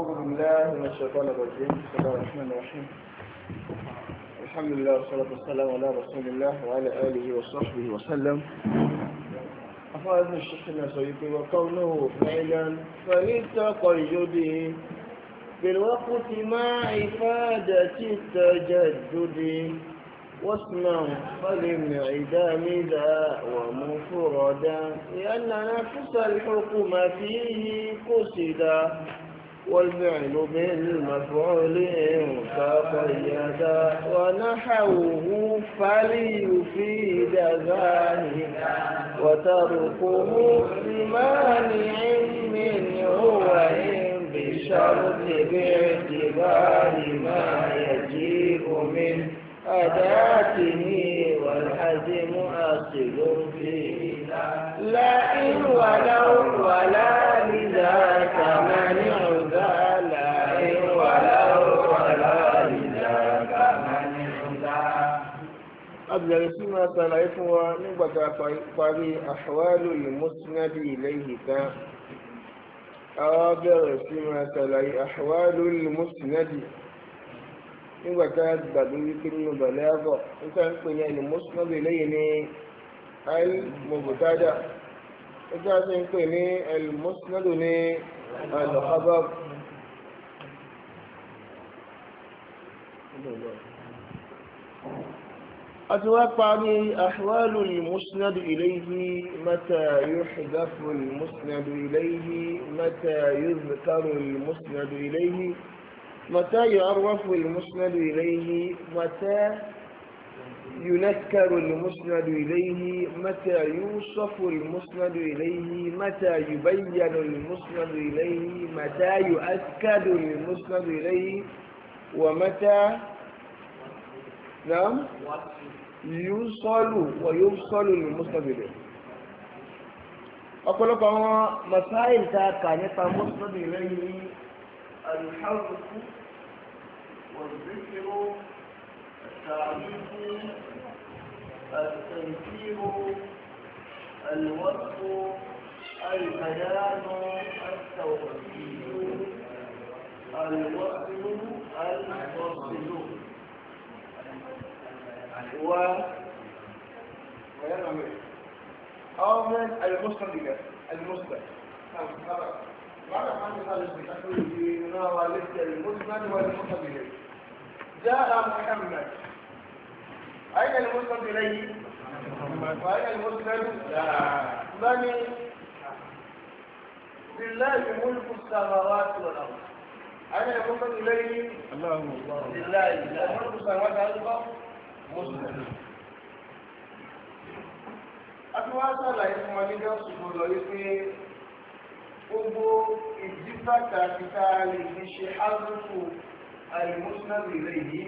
أعوذ بالله من الشيطان الرجيم بسم الله الرحمن الرحيم الحمد لله والصلاة والسلام على رسول الله وعلى آله وصحبه وسلم أفاد الشيخنا سيدي وقوله فعلا فللتقيد بالوقت مع إفادة التجدد واسما فلانعدام ذا ومفردا لأن نفس الحكم فيه قصدا والفعل بالمفعول كقيدا ونحوه فليفيد ذلك وتركه بمانع منه وإن بشرط باعتبار ما يجيء منه أداته والحزم أصل فيه لا إن ولو ولا bẹ̀rẹ̀ sí máa ṣàlàyé fún wa nígbà tá a parí àṣàwálò lèmọ́sínádì ìlẹ́yìn tán àwa bẹ̀rẹ̀ sí máa ṣàlàyé àṣàwálò lèmọ́sínádì nígbà tá a gbàgbé wípé nínú bàlẹ́ àgọ̀ nígbà ń pè ní lèmọ́sínádì ìlẹ́yìn ní al-mubtada nígbà tí ń pè ní al-musnadu ní al Thank you. أتوقعني أحوال المسند إليه متى يحذف المسند إليه متى يذكر المسند إليه متى يعرف المسند إليه متى ينكر المسند إليه متى يوصف المسند إليه متى يبين المسند إليه متى يؤكد المسند إليه ومتى نعم yúúsọ́lù wọ yúúsọ́lù ní mọ́sọ̀bìlẹ̀ ọ̀pọ̀lọpọ̀ àwọn masáìl tá a kà nípa mọ́sọ̀bìlẹ̀ ní alhàbùkù wọ̀dùkìrò àtàlùkù àtàlùkìrò alwọ́pù albayanu àtàwọ̀kìrò alwọ́pù alwọ́pù و أو من المسلم بك المسلم جاء محمد أين المسلم إليه؟ وأين المسلم؟ من لله ملك السماوات والأرض أين المسلم إليه؟ الله الله لله ملك السماوات والأرض mùsùlùmí. a ti wá sàlàyé fún wa nígbà ṣùgbọ́n lọ yìí pé gbogbo ìdí pàtàkì tá a lè fi ṣe ágùkù àìmùsùlùmí rẹ̀ yìí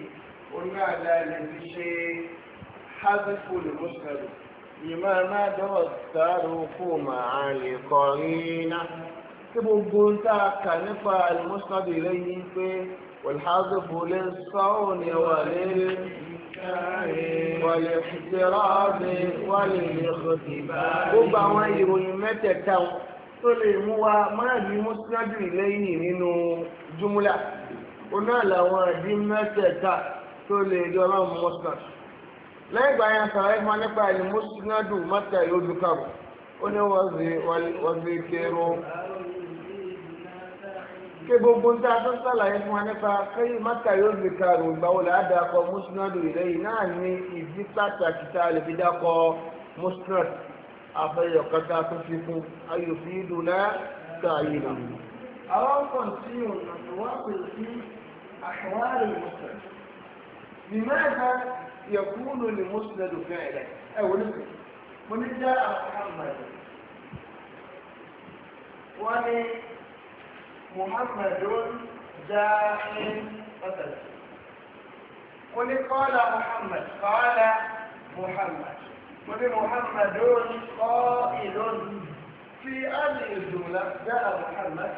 oní àlá lè fi ṣe ágùkù lè mùsùlùmí. ìmọ̀ọ́mọ́ dọ́wọ́ sáré kó màá lè kọrin náà. tí gbogbo ń tá nípa àìmùsùlùmí rẹ̀ yìí pé. والحذف للصون وللكائن والاحترام وللاختبار gbogbo àwọn ìròyìn mẹ́tẹ̀ẹ̀ta tó lè mú wa máa ní mùsùlùmí lẹ́yìn nínú júmúlà oná làwọn ìdí mẹ́tẹ̀ẹ̀ta tó lè jọra mùsùlùmí lẹ́yìn ìgbà yẹn sàrẹ́ fún wa nípa ìlú mùsùlùmí mẹ́tẹ̀ẹ̀ yóò dúkàwọ̀ ó ní wọ́n fi kéré ké gbogbo ń tẹ́ atọ́sàlàyé fún wa nípa kéyì mọ́tà yóò gbé karùn ún gbàwó là á dakọ̀ mùsùlùmí ìlẹ́yìn náà ní ìdí pàtàkì tá a lè fi dakọ̀ mùsùlùmí afẹ́yọ̀kọ́ta tó fi kún ayò fi dùn náà tá a yìí nà. àwọn kọ̀ǹtínù wà pè sí àṣewárì mùsùlùmí. لماذا يكون المسند فعلا أو نفسه من جاء محمد ولي محمد داع قتل قل قال محمد قال محمد قل محمد قائل في هذه الجملة جاء محمد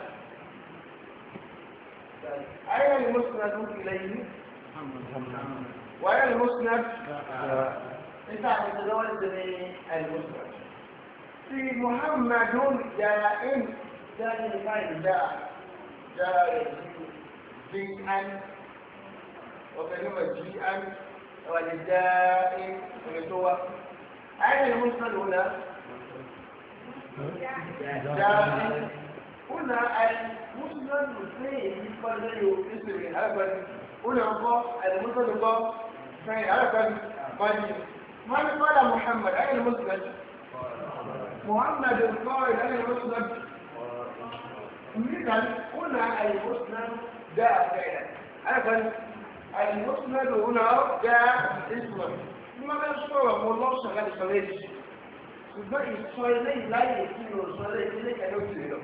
أين المسند إليه؟ وأين المسند؟ أنت عم المسند في محمد دائم دائم دائم دائم جاء يجيء جيئا وكلمة جيئا ولداء ولدوة أين المنصل هنا؟ جاء هنا المنصل مسيء يفضل اسم هذا هنا هو المنصل هو كان هذا مجيء من قال محمد أين المنصل؟ محمد القائد أين المنصل؟ مثل هنا المسند جاء فعلا أيضا المسند هنا جاء اسما ما كان صورة والله شغال صليت ṣùgbọ́n ìsọ ilé ìláyè tí o sọ ilé ilé kẹlẹ́ òtún lọ.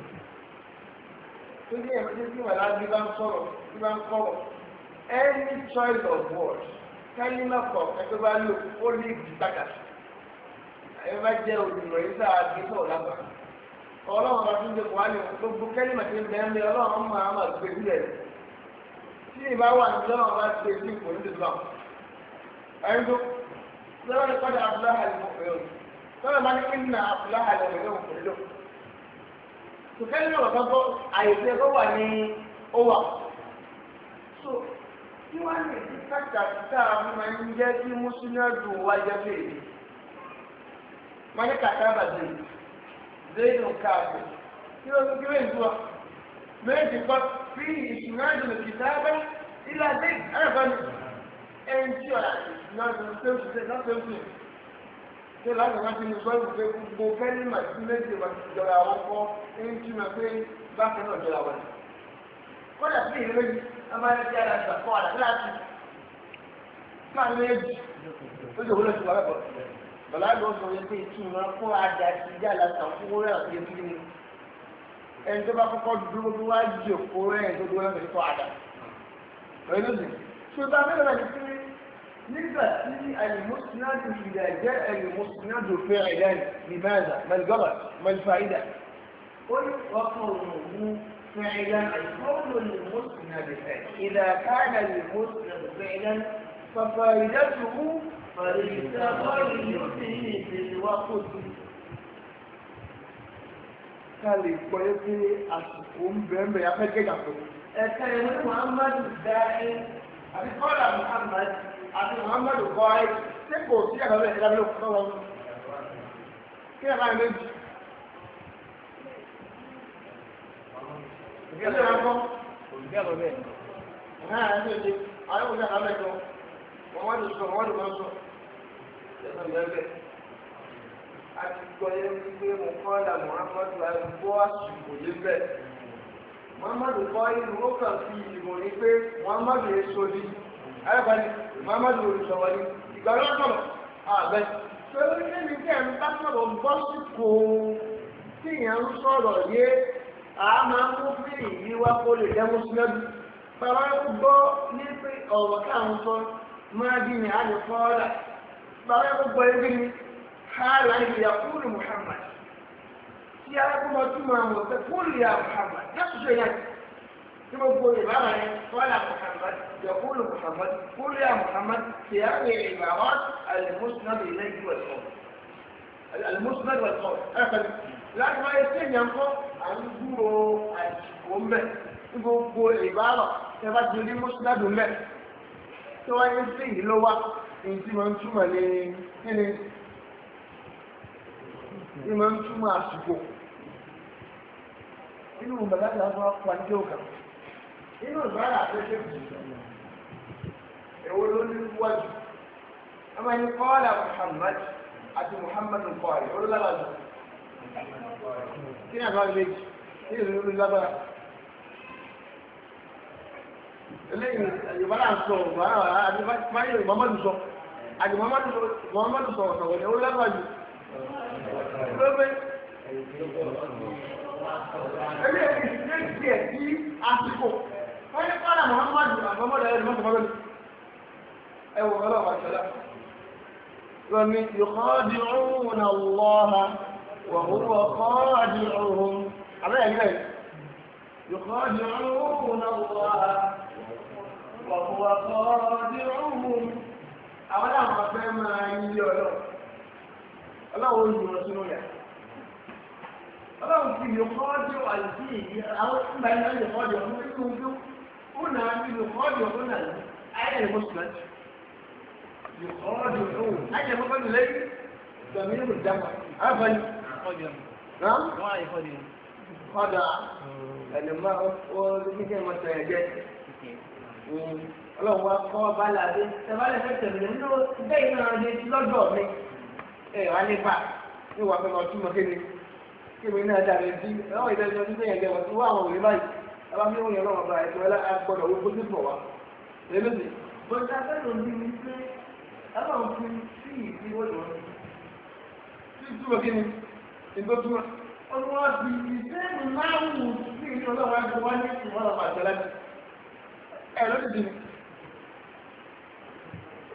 tó ní ẹ̀mí tí wà láti bá ń sọ̀rọ̀ tí bá ń kọ̀rọ̀ any choice of word kẹ́lí náà kọ̀ ẹgbẹ́ bá lò ó ní ìdí pàtàkì. bá jẹ́ olùrọ̀ yìí sáà gbé sọ̀rọ̀ lágbàá ọlọ́run bá tún lè kọ́ àlè gbogbo kẹ́límà tí ń bẹ́ẹ̀ ní ọlọ́run máa ma gbé sílẹ̀ tí ìbá wà ní ọlọ́run bá gbé sí ìpò ní islam ẹni tó lọ́wọ́ ní kọ́dà abúláhà lè mọ̀ fẹ́ràn lọ́wọ́ bá ní kí nà abúláhà lè mọ̀ fẹ́ràn kò tó kẹ́límà bàbá bọ́ àyèfẹ́ tó wà ní ọwà so tí wọ́n á lè fi kàtàkìtà máa ń jẹ́ kí mùsùlùmí زيد وكعب كده كده هو ماشي بس في استناد الكتابة إلى زيد أنا فاهم أنت ولا استناد نفسه نفسه نفسه ṣé láti rántí ní sọ́ọ́ ìgbé gbogbo kẹ́límà tí méjì wà ti jọra àwọn kọ́ ẹni tí mo pé bákan náà jọra wọn. kódà sí ìlú méjì a máa ń yára ìgbà kọ́ àdá láti máa méjì lójú òwúrọ̀ sí wàhálà bọ̀ bàbá mi ò sọ wípé ìtumọ̀ fún àdàtì ìjà lásán fún owó náà yẹ kí ni ẹni tó bá kọ́kọ́ dúró bí wàá jì òkú rẹ̀ tó dúró náà pẹ̀lú fún àdà pẹ̀lú sì ṣùgbọ́n abẹ́rẹ́ náà ti fi nígbà tí àlùmọ́sínádù ìdá jẹ́ àlùmọ́sínádù fẹ́ ẹ̀dá ìbáàdà mẹ́lgọ́bà mẹ́lfàídà ó ní ọkọ̀ òun فعلا القول المسند إذا كان المسند فعلا ففائدته ká lè gbọ́ yé pé àsìkò ń bẹ̀rẹ̀ mẹ́rin afẹ́gẹ́ yàtọ̀. ẹ̀ka ìwé muhammadu dáhẹ́ àti kọ́lá muhammadu àti muhammadu buhari ṣé kò sí àgbàdo ẹ̀ka ló kọ́ wọn. kí ẹ̀ máa ń méjì. ìgbésẹ̀ máa ń kọ́. olùgbé àti gbọ́ yẹn wípé mo kọ́ la muhammadu àgbọ̀ àsìkò yẹn bẹ́ẹ̀ muhammadu kọ́ inú ó kàn fi ìmọ̀ ní pé muhammadu yẹn sọ́ni ayọ̀bani muhammadu olùsọ̀wọ́ ni ìgbà yóò sọ̀rọ̀ àbẹ́ torí níbi tí ẹ̀ ń bá sọ̀rọ̀ ń bọ́ sípò tí ìyẹn ń sọ̀rọ̀ yé a máa ń mú bí ìyí wá kó lè jẹ́ mùsùlùmí bàbá gbọ́ ní pé ọ̀rọ̀ káà ń sọ máa dín ní àdìpọ́ rẹ̀. bàbá gbogbo ẹgbẹ́ ni hàlà ìyá fúlù muhammad tí arákùnrin túmọ̀ àwọn ọ̀sẹ̀ fúlù ya muhammad lẹ́kùsọ̀ yẹn tí gbogbo ìbára yẹn fọ́lá muhammad yà fúlù muhammad fúlù ya muhammad tí a rẹ̀ ìbára alimusnad ilẹ̀ ìwẹ̀sọ̀ alimusnad ìwẹ̀sọ̀ ẹ̀fẹ̀ láti máa ṣe yẹn kọ́ àwọn gbúrò àìsíkò mẹ́ gbogbo ìbára ẹ bá ti rí musnad mẹ́ tí wọ́n yẹn ń sèyí lọ́wọ́ èyí tí ma ń túmọ̀ ní kíni ní ma ń túmọ̀ àsìkò inú mọ̀láta fún apàdé òkà inú ìbára àtẹ́tẹ́ èwo ló ní wájú ọmọ ẹni kọ́ọ̀lá Muhammad àti Muhammad kọ́ọ̀lá olólábàdàn kí ni àbá méjì kí ni olólábàdàn eléyìí yorùbá náà sọ yorùbá náà àti báyìí yorùbá mọ́tò sọ àti mọ́tò sọ ọ̀sọ̀wọ̀ ni ó lágbà jù lópe. eléyìí ṣe tiẹ̀ sí àsìkò wọ́n ní kọ́lá muhammadu àbámọ́dé ẹ̀rọ mọ́tò mọ́tò ẹ wọ ọlọ́wọ́ àṣẹlá lọ́ni yukhaadi'uuna Allaha wa huwa khaadi'uhum àbẹ́yẹ̀ yìí rẹ̀ yukhaadi'uuna Allaha. وهو خادعهم àwọn àwọn afẹ́ máa ń yí ọlọ́ ọlọ́run yìí wọn sínú yà ọlọ́run fi lè kọ́ọ́dì àìsí èyí àwọn ìgbà yẹn lè kọ́ọ́dì ọ̀hún nínú ojú ó nà á fi lè kọ́ọ́dì ọ̀hún nà ní ayẹyẹ mọ́sùlùmí lè kọ́ọ́dì ọ̀hún ayẹyẹ mọ́sùlùmí lẹ́yìn ìgbàmí ní ìjàmbá àbáyé kọ́ọ́dì ọ̀hún kọ́ọ́dà ẹni máa ń wọ́n ní kíkẹ́ mọ́sùlùmí ọlọ́run wa kọ́ bá làdé tẹ̀bálẹ̀ fẹ́ tẹ̀lé nínú bẹ́ẹ̀ iná lè ti lọ́dọ̀ mi ẹ̀ wá nípa ní wàá fẹ́ lọ túmọ̀ kéde kéde náà dàbí bí ọ̀hún ìdájọ́ tó bẹ̀yẹ̀ gẹ̀wọ̀ tó wà àwọn òwe báyìí ẹ̀bá mi òun yẹn lọ́wọ́ bá ẹ̀tọ́ ẹ̀lá agbọ́dọ̀ owó tó pọ̀ wá lẹ́lẹ́sì. ni pé ọlọ́run fi mi máa wù ẹ̀rọ dídì ni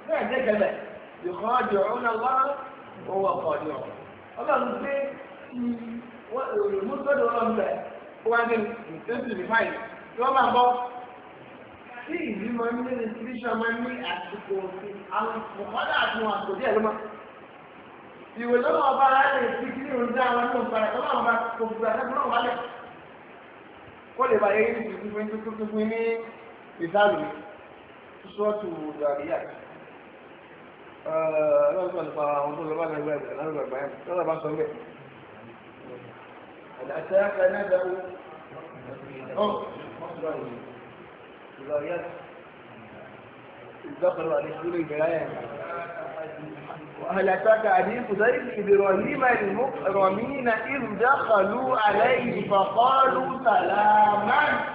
bẹ́ẹ̀ jẹ́ kẹlẹ̀ ìkọ́ ọjọ́ ọ̀nà wá owó ọkọ̀ ọ̀dọ̀ ọlọ́run gbé olùmúsọ́dọ̀ ọlọ́run bẹ̀ wá ní ìtẹ́sí ní fáìlì tí wọ́n máa bọ́ tí ìlú máa ń ní ìtìlíṣọ́ máa ń ní àsìkò òfin àwọn ìfọ̀mọ́dà àti wọn àkòdí ẹ̀ ló máa ìwé lọ́wọ́ ọba láti fi kí ní oúnjẹ àwọn ní òǹkàrà tó máa ń kò fìgbà tó máa ń kó lè bàyẹ̀ yìí tuntun fún yín ní في سورة الذاريات هل أتاك نبأ الذاريات الذكر الرسول البلايان وهل أتاك حديث ضيف إبراهيم المكرمين إذ دخلوا عليه فقالوا سلاما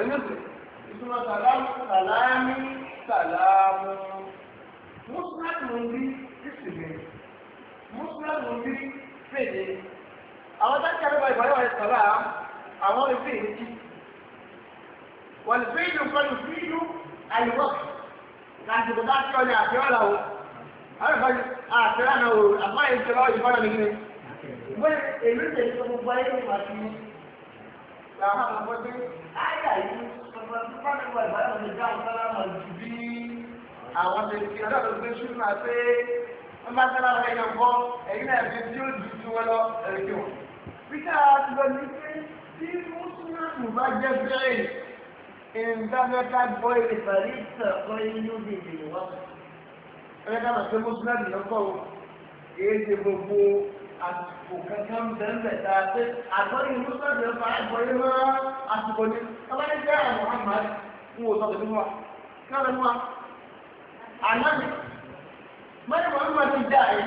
ẹlẹ́sìn ìtumọ̀ sàlámù sàlámì sàlámù mùsùlùmí ń bí ìsìnkú mùsùlùmí ń bí fèdè àwọn táyà kẹrẹ́bà ìbáyọ̀ ẹ̀ sọ̀rọ̀ àwọn ìfẹ́ ìrètí wọ́n lè fẹ́ ìlú pẹ̀lú fíìlú àìwọ́pù láti kò bá tí ọjà àti ọ̀la o àwọn ìbáyọ̀ àti ọ̀la náà o àbáyé ìjọba ìbáyọ̀ nìyẹn. wọ́n èlú ìtẹ̀síọ́ gbogbo ayé ló máa làwọn àwọn ọmọdé ayà yìí ọmọ tó bá mi wà ìbáyọ̀ mi dáhùn sálámà jù bí àwọn ṣe ti ọjọ́ tó gbé ṣú náà pé wọ́n bá sálámà ẹ̀yọ̀ kọ́ ẹ̀yìn náà ẹ̀fẹ́ tí ó ju ju wọn lọ ẹ̀rẹ̀ kí wọn. peter ti àsìkò kankan bẹ́ẹ̀ tá a ṣe àgbọ̀n ìlú sọ̀rọ̀ ẹ̀fà ẹ̀gbọ́n yìí rán àsìkò ní ọlọ́dún jẹ́ àwọn àmàlẹ́ ń wò sọ̀rọ̀ nínú wa kẹ́rẹ̀ nínú wa àná mi mẹ́rin wọn máa ti dá ẹ̀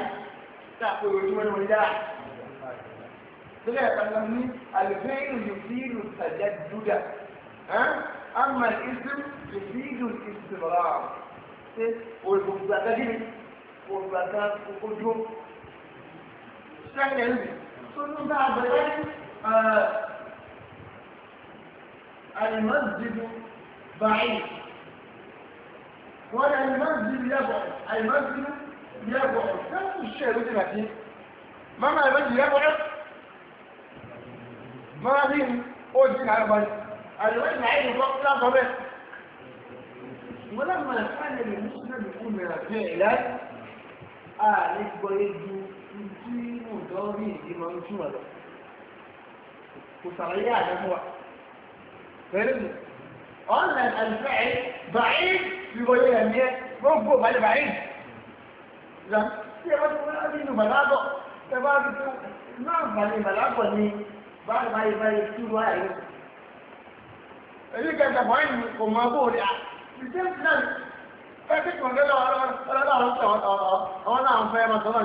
tá a pè wò ní mẹ́rin wọn dá ẹ̀ lórí ní àlùfẹ́yìn yòókìlù secondary tó ní bá abẹ́rẹ́ àìmọ́sídìbò báyìí wọ́n ní àìmọ́sídìbò yẹ́bọ̀ àìmọ́sídìbò yẹ́bọ̀ sẹ́kù ṣẹ̀rù ti nàkí mama àìmọ́sídìbò yẹ́bọ̀ máa rí ó di àgbàdì àìmọ́sídìbò àìmọ́sídìbò lásán bẹ́ẹ̀ ولما كان المسلم يكون من الفعل آه يكبر يده يمكنه lọ rí ìdí máa ń túmọ̀ lọ kò sàlàyé àdámọ́ wa pẹ̀lú mi ọ̀nà àlùfẹ́ bàáyé ìwọlé ẹ̀mí ẹ gbogbo balẹ̀ bàáyé ìgbà tí ẹ bá ti wọlé nínú bàlágọ̀ ẹ bá ti tó náà balẹ̀ bàlágọ̀ ni báyìí báyìí báyìí tí wọ́n ayé lọ. èyí kẹta bọ́ọ̀yì ni kò mọ bó rí a ìṣe náà ẹ ti kàn lọ́wọ́ ọlọ́wọ́ ọlọ́wọ́ àwọn náà ń fẹ́ máa tọ́lọ́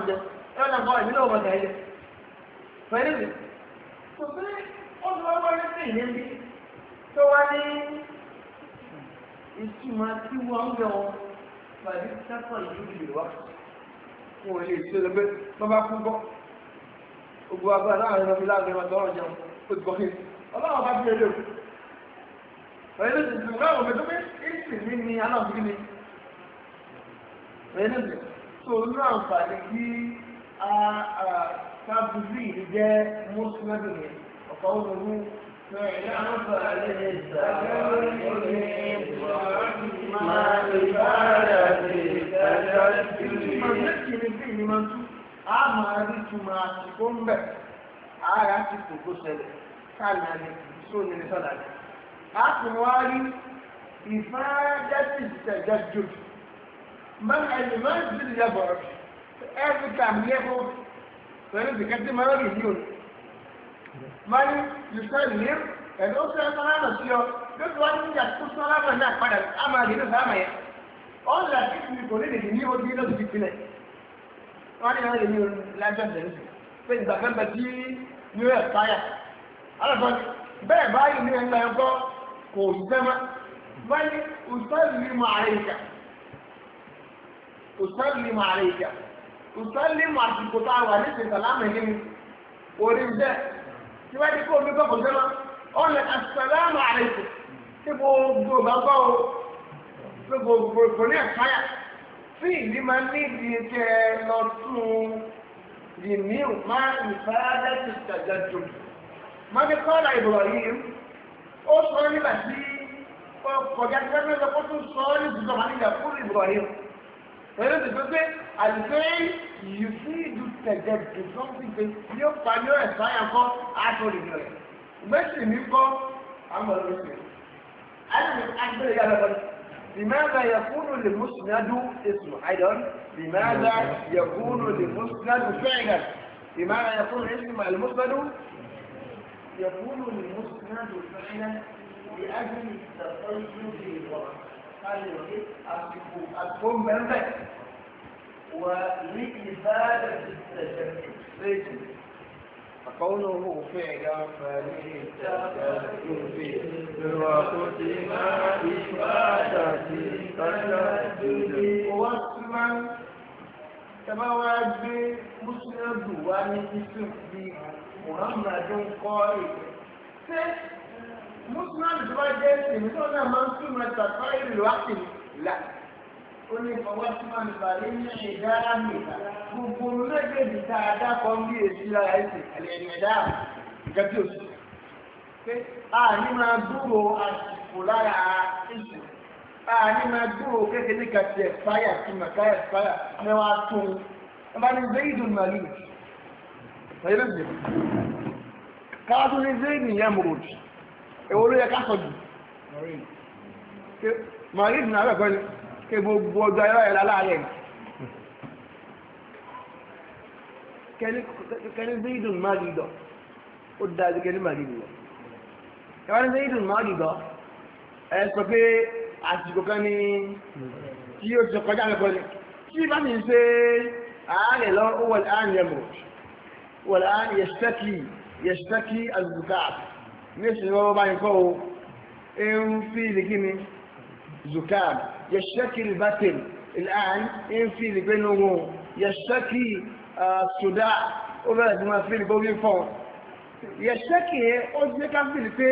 ẹ ọ̀nà bọ́ ìmílẹ̀ ọmọ tẹ̀lé pẹ̀lú mi kò sí ọdún ọgbọ́ ní sí ìyẹn bí tó wá ní ìtumọ̀ tí wọ́n ń bẹ̀ wọn pàdé sẹ́kọ̀ ìlú ìlú wa wọn ò lè ṣe lọ pé wọ́n bá kú bọ́ gbogbo agbára láàrin ọmọ ilé àgbẹ̀ ọmọ jẹun ó ti bọ́ kí ọlọ́run bá bí ẹlẹ́ o pẹ̀lú ti tún láwọn ọmọ tó pé ìsìn mi ni aláàbí ni pẹ̀lú ti tó ní àǹfààní kí تابوزي جاء مسند وقوله فعلا فليستقيم ما إبادة تجسد ما نكي من فيه من تو أما أردت ما تكون بك أردت تكسل كان لك سنة صلاة أقوالي إفادة التجدد من المنزل يبعد every time lẹ́kọ̀ọ́ pẹ̀lú ìdíkẹ́ tí mo rọ́ọ̀lù yìí o máa ní yùsọ̀ ìlú ẹ̀dọ́ ó sọ ẹ̀sán lánàá sí ọ lóṣù wá ní ìjà tó sọ lánàá náà padà á máa lè lóṣù àmà yẹn ọ̀n là sí ìlú kò ní lè ní ojú iná ti fi lẹ̀ wọ́n ní wọ́n lè ní lájọ́ ìdẹ̀rù pé ìgbà mẹ́mbà tí new york táyà alọ́sọ bẹ́ẹ̀ báyìí ní ẹ̀ńlá ẹ̀kọ́ kò sẹ́mà wọ́n òṣèlú ní màálẹ̀ òṣèlú ní màálẹ̀ ìsọ́límù àsìkò tá a wà ní ìsìn sàlámù yìí ni orí ń bẹ́ tí wọ́n ti kó omi kọ́ fòjọ́ lọ ó lè àsàlámù àlejò tí gbogbo bá gbọ́ o tí gbogbo ní ẹ̀káyà tí ìlú máa ní ìdí kẹ lọ tún yìnyín máa ìfaradà ti tàjà jù máa fi kọ́ ọ̀la ìbọ̀wọ̀ yìí ó sọ nígbà tí kọjá tí wọ́n fẹ́ lọ kó tún sọ ọ́ ní ìdúgbò ẹ̀rọ ti pé pé àlùfẹ́ ìfún ìlú tẹ̀jẹ̀ tó sọ́ọ́sì pé yóò pa yóò ẹ̀ sáyà kọ́ aṣọ ìlú rẹ̀ mẹ́sì mi kọ́ àwọn ọ̀rọ̀ rẹ̀ alùpùpù agbẹ́rẹ́ yàrá lọ لماذا يكون للمسند اسم حيدر لماذا يكون للمسند فعلا لماذا يكون اسم المسند يكون للمسند فعلا لأجل التقيد في الوقت káyọ̀ ní àsìkò àsìkò mẹ́mẹ́ wà ní ìbáàdà ìṣẹ̀lẹ̀ méjì. فقوله فعل فعله تتبدل به وقدم عبادتي تتبدل كما واجب مسند وعن اسم محمد قائل muslim bá jẹ́ tèmi tó náà máa ń túmọ̀ tàbá ìlú àti là ó ní fọwọ́ tí wọ́n ti bàlẹ́ ní ìdára nìkan gbogbo méjèèjì tá a dákọ̀ ń bí èsì lára ẹ̀sìn ẹ̀lẹ́yìn ẹ̀dá ìjọ tí o sì pé a ní máa dúró àsìkò lára ẹ̀sìn a ní máa dúró kékeré kàti ẹ̀fáyà tí màkà ẹ̀fáyà mẹ́wàá tún ẹ bá ní bẹ́ẹ̀ ìdùnnú àlejò. Káwá tún ní Zayn Yamurud èwo ló yẹ ká sọ jù marid náà bẹ̀ kọ́ni kí gbogbo ọjọ́ ayọ́ yẹn láàárẹ̀ kẹ́ni bí ìdùn máa di dọ̀ ó dájú kẹ́ni máa di dọ̀ ẹ̀wá ní bí ìdùn máa di dọ̀ ẹ sọ pé àsìkò kan ní tí yóò ti kọjá lẹ́kọ́ ni tí bá ti ṣe ààrẹ lọ ó wọ̀lẹ̀ ààrẹ yẹmọ̀ wọ̀lẹ̀ ààrẹ yẹ̀ṣẹ́kì yẹ̀ṣẹ́kì àzùkà àti ní oṣù lọ́wọ́ báyìí kọ́ o ń fi lè kí ni zukab yẹ̀ṣẹ́kì batin ìlànà ń fi lè pé lówó yẹ̀ṣẹ́kì sùdá ó bẹ̀rẹ̀ sí máa fi lè bóbí fọ́ yẹ̀ṣẹ́kì yẹn ó jẹ́ ká fi lè pé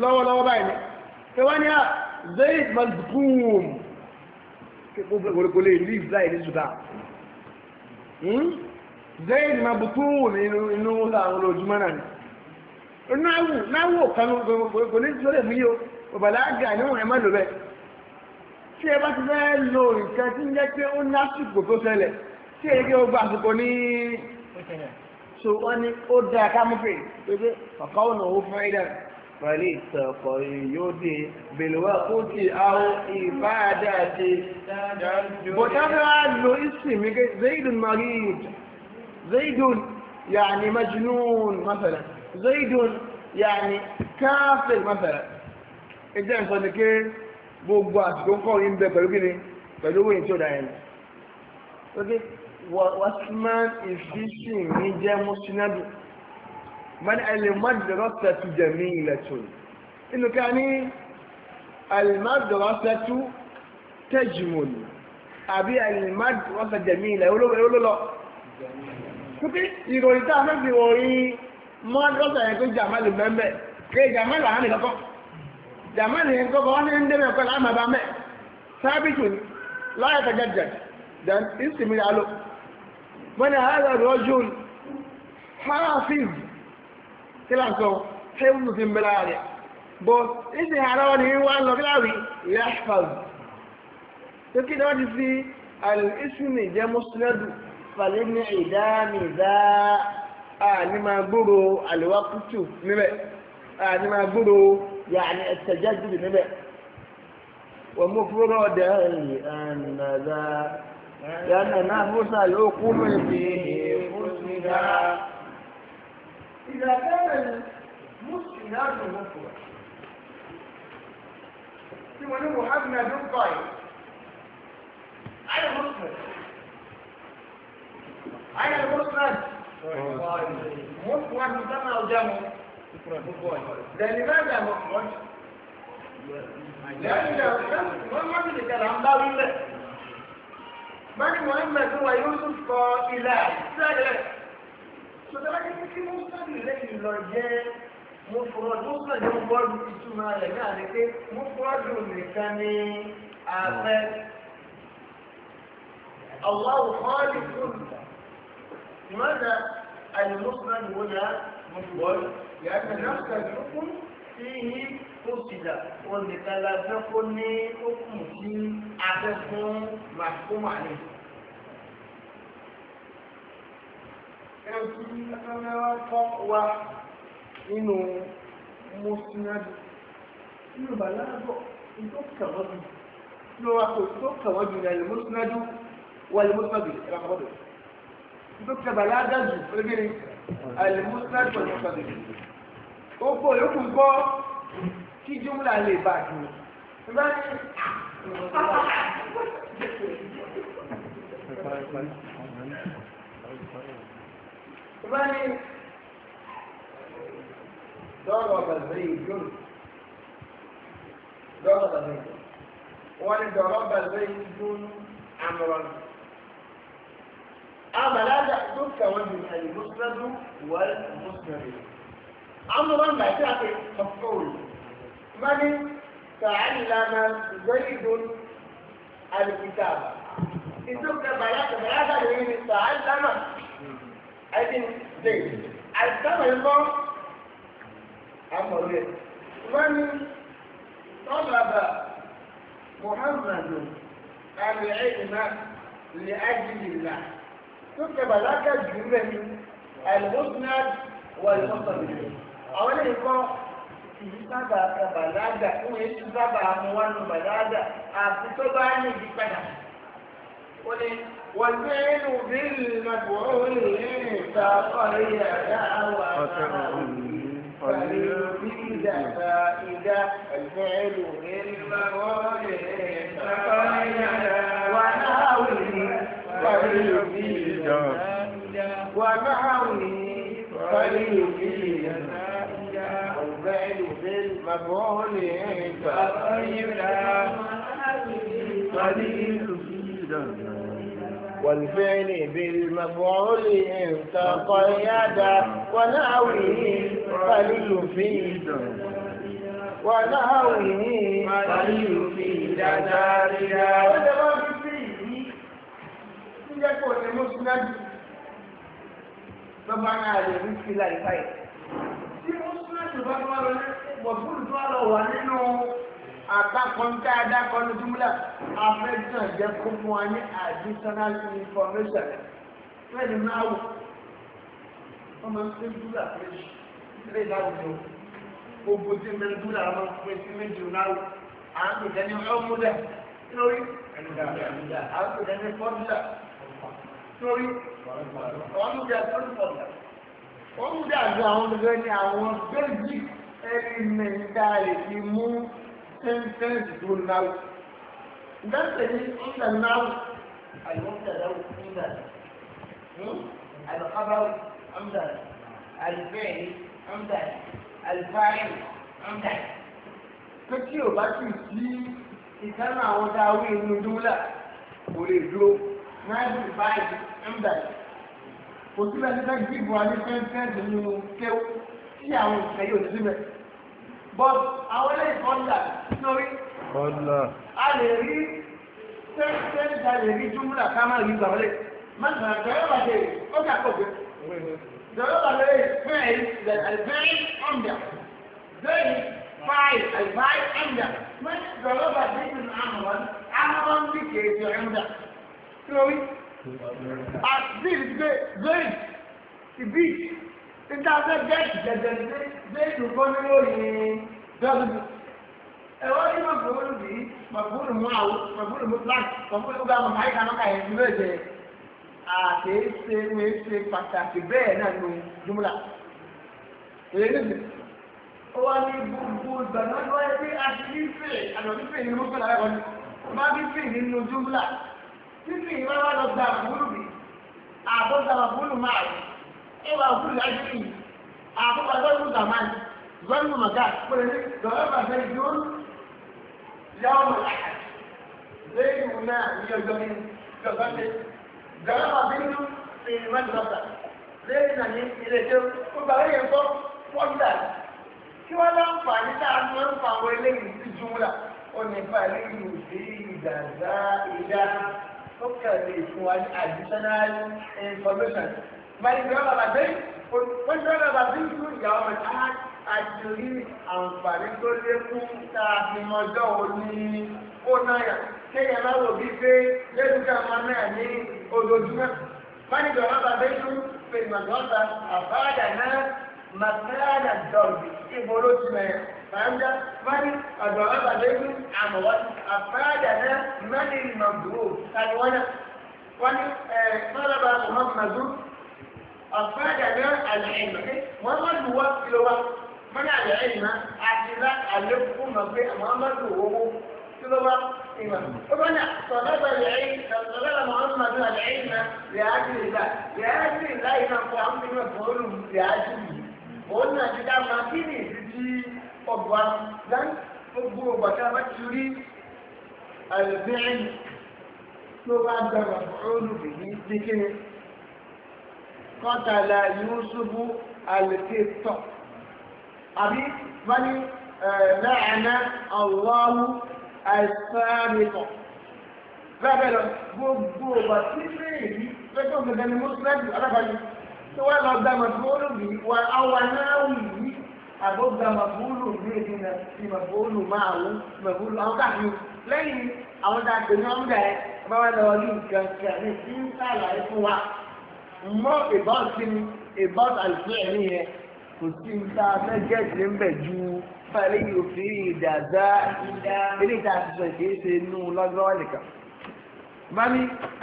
lọ́wọ́lọ́wọ́ báyìí ni pé wọ́n ní à zayid mazboom kò lè live láì ní zukab zayid mazboom inú ńlá àwọn olójúmọ́ náà ni náwó náwó kan kò ní tí ó lè mú yí o òbàlágà ni wọ́n ẹ̀mọ́ lò bẹ́ tí ẹ bá ti fẹ́ lo nǹkan tí ń jẹ́ pé ó lásìkò tó ṣẹlẹ̀ tí ẹ gé ogbà àsìkò ní so wọ́n ní ó dáa kámúfè pé ọ̀ká ọ̀nà owó fún ẹ̀dá pẹ̀lú ìtọ̀kọ̀ ìyóde bèlúwà kó ti àwọn ìbáadá ti bọ̀tá fẹ́ wá lo ìsìnmi zaidun marid zaidun yàní majnun masalan zaidun yaani káfíìn mọ́sẹ̀rẹ̀ ìjẹ́ nǹkan ni pé gbogbo àsìkò ń kọ́ yín bẹ pẹ̀lú kíni pẹ̀lú wíyìn tí ó dáa yẹn ok wasman ìfísì ní jẹ́ mọ́sínádù mani alimadarasa tu jẹ̀mí ilẹ̀ tó inú ká ní alimadarasa tu tẹ́jìmọ̀lù àbí alimadarasa jẹ̀mí ilẹ̀ olólọ́ pípé ìròyìn tá a fẹ́ fi wọ̀nyí mọ́ dọ́kítà yẹn pé jamali bẹ́ẹ̀ pé jamali àwọn nìkan kọ́ jamali yẹn kọ́kọ́ wọ́n ní ń dẹ́mẹ̀ kọ́ láàmà bá dan ìsinmi alo mọ́ni hafiz kílàsọ hẹ́wùn ti ń bẹ̀rẹ̀ àrẹ̀ bọ́ ìsìn àrà wọn ni wọ́n lọ kíláàrí yahfaz tó kí ni ti fi al-ismi jẹ́ musnadu fàlẹ́ ní ìdámìdá أنا آه، ما قلو أنا شوف نبي أنا آه، ما قلو أنا يعني التجدد نبي أنا دهي أن ذا لأن نفس العقوبة فيه حسنها إذا كان المسلم أنا مفروض ونروح أنا بالطيب على مصر على مصر مفرد جمع وجمع لماذا مفرد؟ لأن محمد الكلام لا يوجد بني محمد هو يوسف إله سهل sọtẹ́lẹ́kẹ́ tí kí mọ́sálì lẹ́yìn lọ jẹ́ mọ́fọ́rọ́dún mọ́sálì ó bọ́ọ̀dù ìtumọ̀ rẹ̀ náà لماذا المسند هنا مفضل لأن نفس الحكم فيه قصد ونتلافقني حكم في عدد محكوم عليه ẹ̀sùn ẹ̀fẹ́mẹ́wàkọ́ wa nínú mọ́sánádì nínú bàlágọ́ ìtọ́kàwọ́dù lọ́wọ́ kò tó kàwọ́dù ní alìmọ́sánádì wà alìmọ́sánádì ẹ̀rọ dókítà bàlá dájú lóbìnrin alimusinati pẹ̀lú ọ̀sọ̀dẹ̀ ó pọ̀ yókù gbọ́ kí jùmùlà lè bà jù nígbà tí nígbà tí dọ́rọ̀ bàbí yóò wọ́n ní dọ́rọ̀ bàbí yóò àmọ̀ràn amala da dukkan wani al-musnadu wal musnadu amma ban da ta kai tafawul mani ta'allama zaidun al-kitaba idan ka bala ka bala da yin ta'allama aikin zaid al-kama tó tẹ bàlákà jù rẹ̀ ní almusnad walmusnad àwọn ilé ìkọ́ ìlú sábà kan bàlágà fún èsì sábà àmúwánu ní ìyípadà ó ní wọ́n tẹ́ ní ìta ọ̀rẹ́ yàrá àwọn àwọn قليل فينا ومعوني قليل وبعد في المبعون فأينا والفعل بالمفعول تقيد ونحوه قليل في ونحوه قليل في دارنا jẹ́ kó lè mú sínájú lọ́ba náà lè rí sí láìpáì. tí mú sínájú bá wà lọ ní bọ̀fúrú tó wà lọ wà nínú àtàkọ́ńtà àdàkọ́ńtà júmùlà afẹ́sàn jẹ́ kó fún wa ní additional information fẹ́ẹ̀ni náà wò wọ́n máa ń pín júmùlà méjì lè láwùjọ gbogbo tí mẹ́rin júmùlà máa ń pín sí méjì náà wò à ń pè jẹ́ ní ọmọdé lórí àwọn pè jẹ́ ní fọ́dúlà sórí ọdún jẹ́ sórí fọ̀dà wọ́n mú dàgbà àwọn ọmọdé ní àwọn gbẹ́jì ẹlẹ́mẹ̀ntà lè fi mú sẹ́ńtẹ́ǹsì tó náwó ìdáǹtẹ̀ ní ìgbà náwó àlùmọ́tàdáwò nígbà hmm? àlùkábáwò ọ̀mdàdà àlùbẹ́ẹ̀lì ọ̀mdàdà àlùfáàyè ọ̀mdàdà pé kí o bá sì sí ìtàn àwọn dáwó ìrùn dúlà kò lè dúró náírà báyìí ń bẹ̀rẹ̀ kò síbẹ̀ nípa gígùn wa ní fẹ́ńfẹ́ǹsì nínú kéwù tí àwọn ìfẹ́ yóò síbẹ̀ bọ́t àwọn ilé ìkọlà lórí a lè rí fẹ́ńfẹ́ǹsì a lè rí júmùlà ká má rí gbàwọlé mọ́tò àgbẹ̀rẹ̀ bàjẹ́ ó kà kó gbé dọ̀rọ̀ bàjẹ́ fẹ́ẹ̀rì àlùfẹ́ẹ̀rì ọ̀ǹdà bẹ́ẹ̀ni fáìl àlùfáìl ọ̀ǹdà mọ́tò dọ̀rọ̀ bàjẹ́ ìdùnnú àmọ̀wọ́n àmọ̀wọ́n bí kèé ti ọ̀ǹdà kí ló rí àti bí gbé gbéyì ìbí níta fẹ́ bẹ́ẹ̀kì gẹ̀gẹ̀ ní gbéyì lùkọ́ ní lóyìn dọ́gbù ẹ̀wọ́n ní mọ̀gbọ́n bí mọ̀gbọ́n mú àwọ̀ mọ̀gbọ́n mú láti mọ̀gbọ́n mú gbàmù àyíká náà kàyẹ̀ ní lóòjẹ́ àti ṣe wọ́n ṣe pàtàkì bẹ́ẹ̀ náà ní jùmùlà èyí nìyí ó wá ní gbogbo ìgbà náà lọ́wọ́ ẹgbẹ́ àti ní fèrè àlọ́ ní fèrè ní mọ́kànlá ẹ̀kọ́ ní má bí fèrè nínú jùmùlà títí ìwé wa lọ gba àbúrò mi àbọ̀ gba àbúrò máa yìí ẹwà àbúrò lájú yìí àbọ̀ gba lọ́rùn gbà máa yìí lọ́rùn mọ̀gá pẹ̀lú ní lọ́rùn bàbá ìjọ yàwó mọ̀lá lẹ́yìn òun náà ní ọjọ́ mi lọ́gbà tẹ gàrà bàbá inú ti mẹ́tìlọ́tà lẹ́yìn náà ní ilé tó gbogbo àwọn èèyàn kí wọ́n láǹfààní ó kẹ̀lé fún wa ní additional information mẹ́rin bí wọ́n bàbá dé wọ́n ti wọ́n bàbá dé fún ìyá ọmọ tá a jòrí àǹfààní tó lékún tá a fi mọjọ́ òní ó náyà kéèyàn bá wò bí pé lẹ́nu ká máa náà ní ojoojúmọ́ mẹ́rin bí wọ́n bàbá dé fún pèmọ̀tọ́ta àbáàdà náà màtáàdà dọ̀rọ̀ ìbò ló ti mẹ́rin. فهمت من أضرب منكم عمرا أفادنا من المضروب قال يعني وانا وانا آه، طلب محمد أفادنا العلم محمد هو لغة من العلم أعجلت ألفكم مبيع محمد هو لغة إيمان طبعا طلب العلم طلب محمد العلم لأجل الله لأجل الله إذا فهمت ما تقولوا لأجله قلنا كده ما فيني ọgbà dán gbogbo ọgbà tí a bá ti rí àlùbíìn ló bá gbàgbà olùbìní ní kíni kọ́tàlá yusufu alìkétọ̀ àbí wani láàánà àwọ̀wọ̀ àìsàmìtọ̀ bẹ́ẹ̀ lọ gbogbo ọgbà tí fèèrè pẹ́tọ́ gbẹ̀gbẹ̀ ni mọ́sílẹ́dì àgbọ́gba màbúlù ní èdè náà ti màbúlù máa wú màbúlù àwọn káàkiri lẹ́yìn àwọn tá a gbé ní ọ̀dà ẹ̀ bá wà lọ ní nǹkan kan ní tí ń sàlàyé fún wa mọ́ ìbọn ni ìbọn àìsí ẹ̀mí yẹn kò sí ń ta mẹ́gẹ́sì ń bẹ̀ ju fàlẹ́ yóò fi ìdàgbà ilé ìta àtúnṣe kìí ṣe inú lọ́gbọ́n nìkan. mami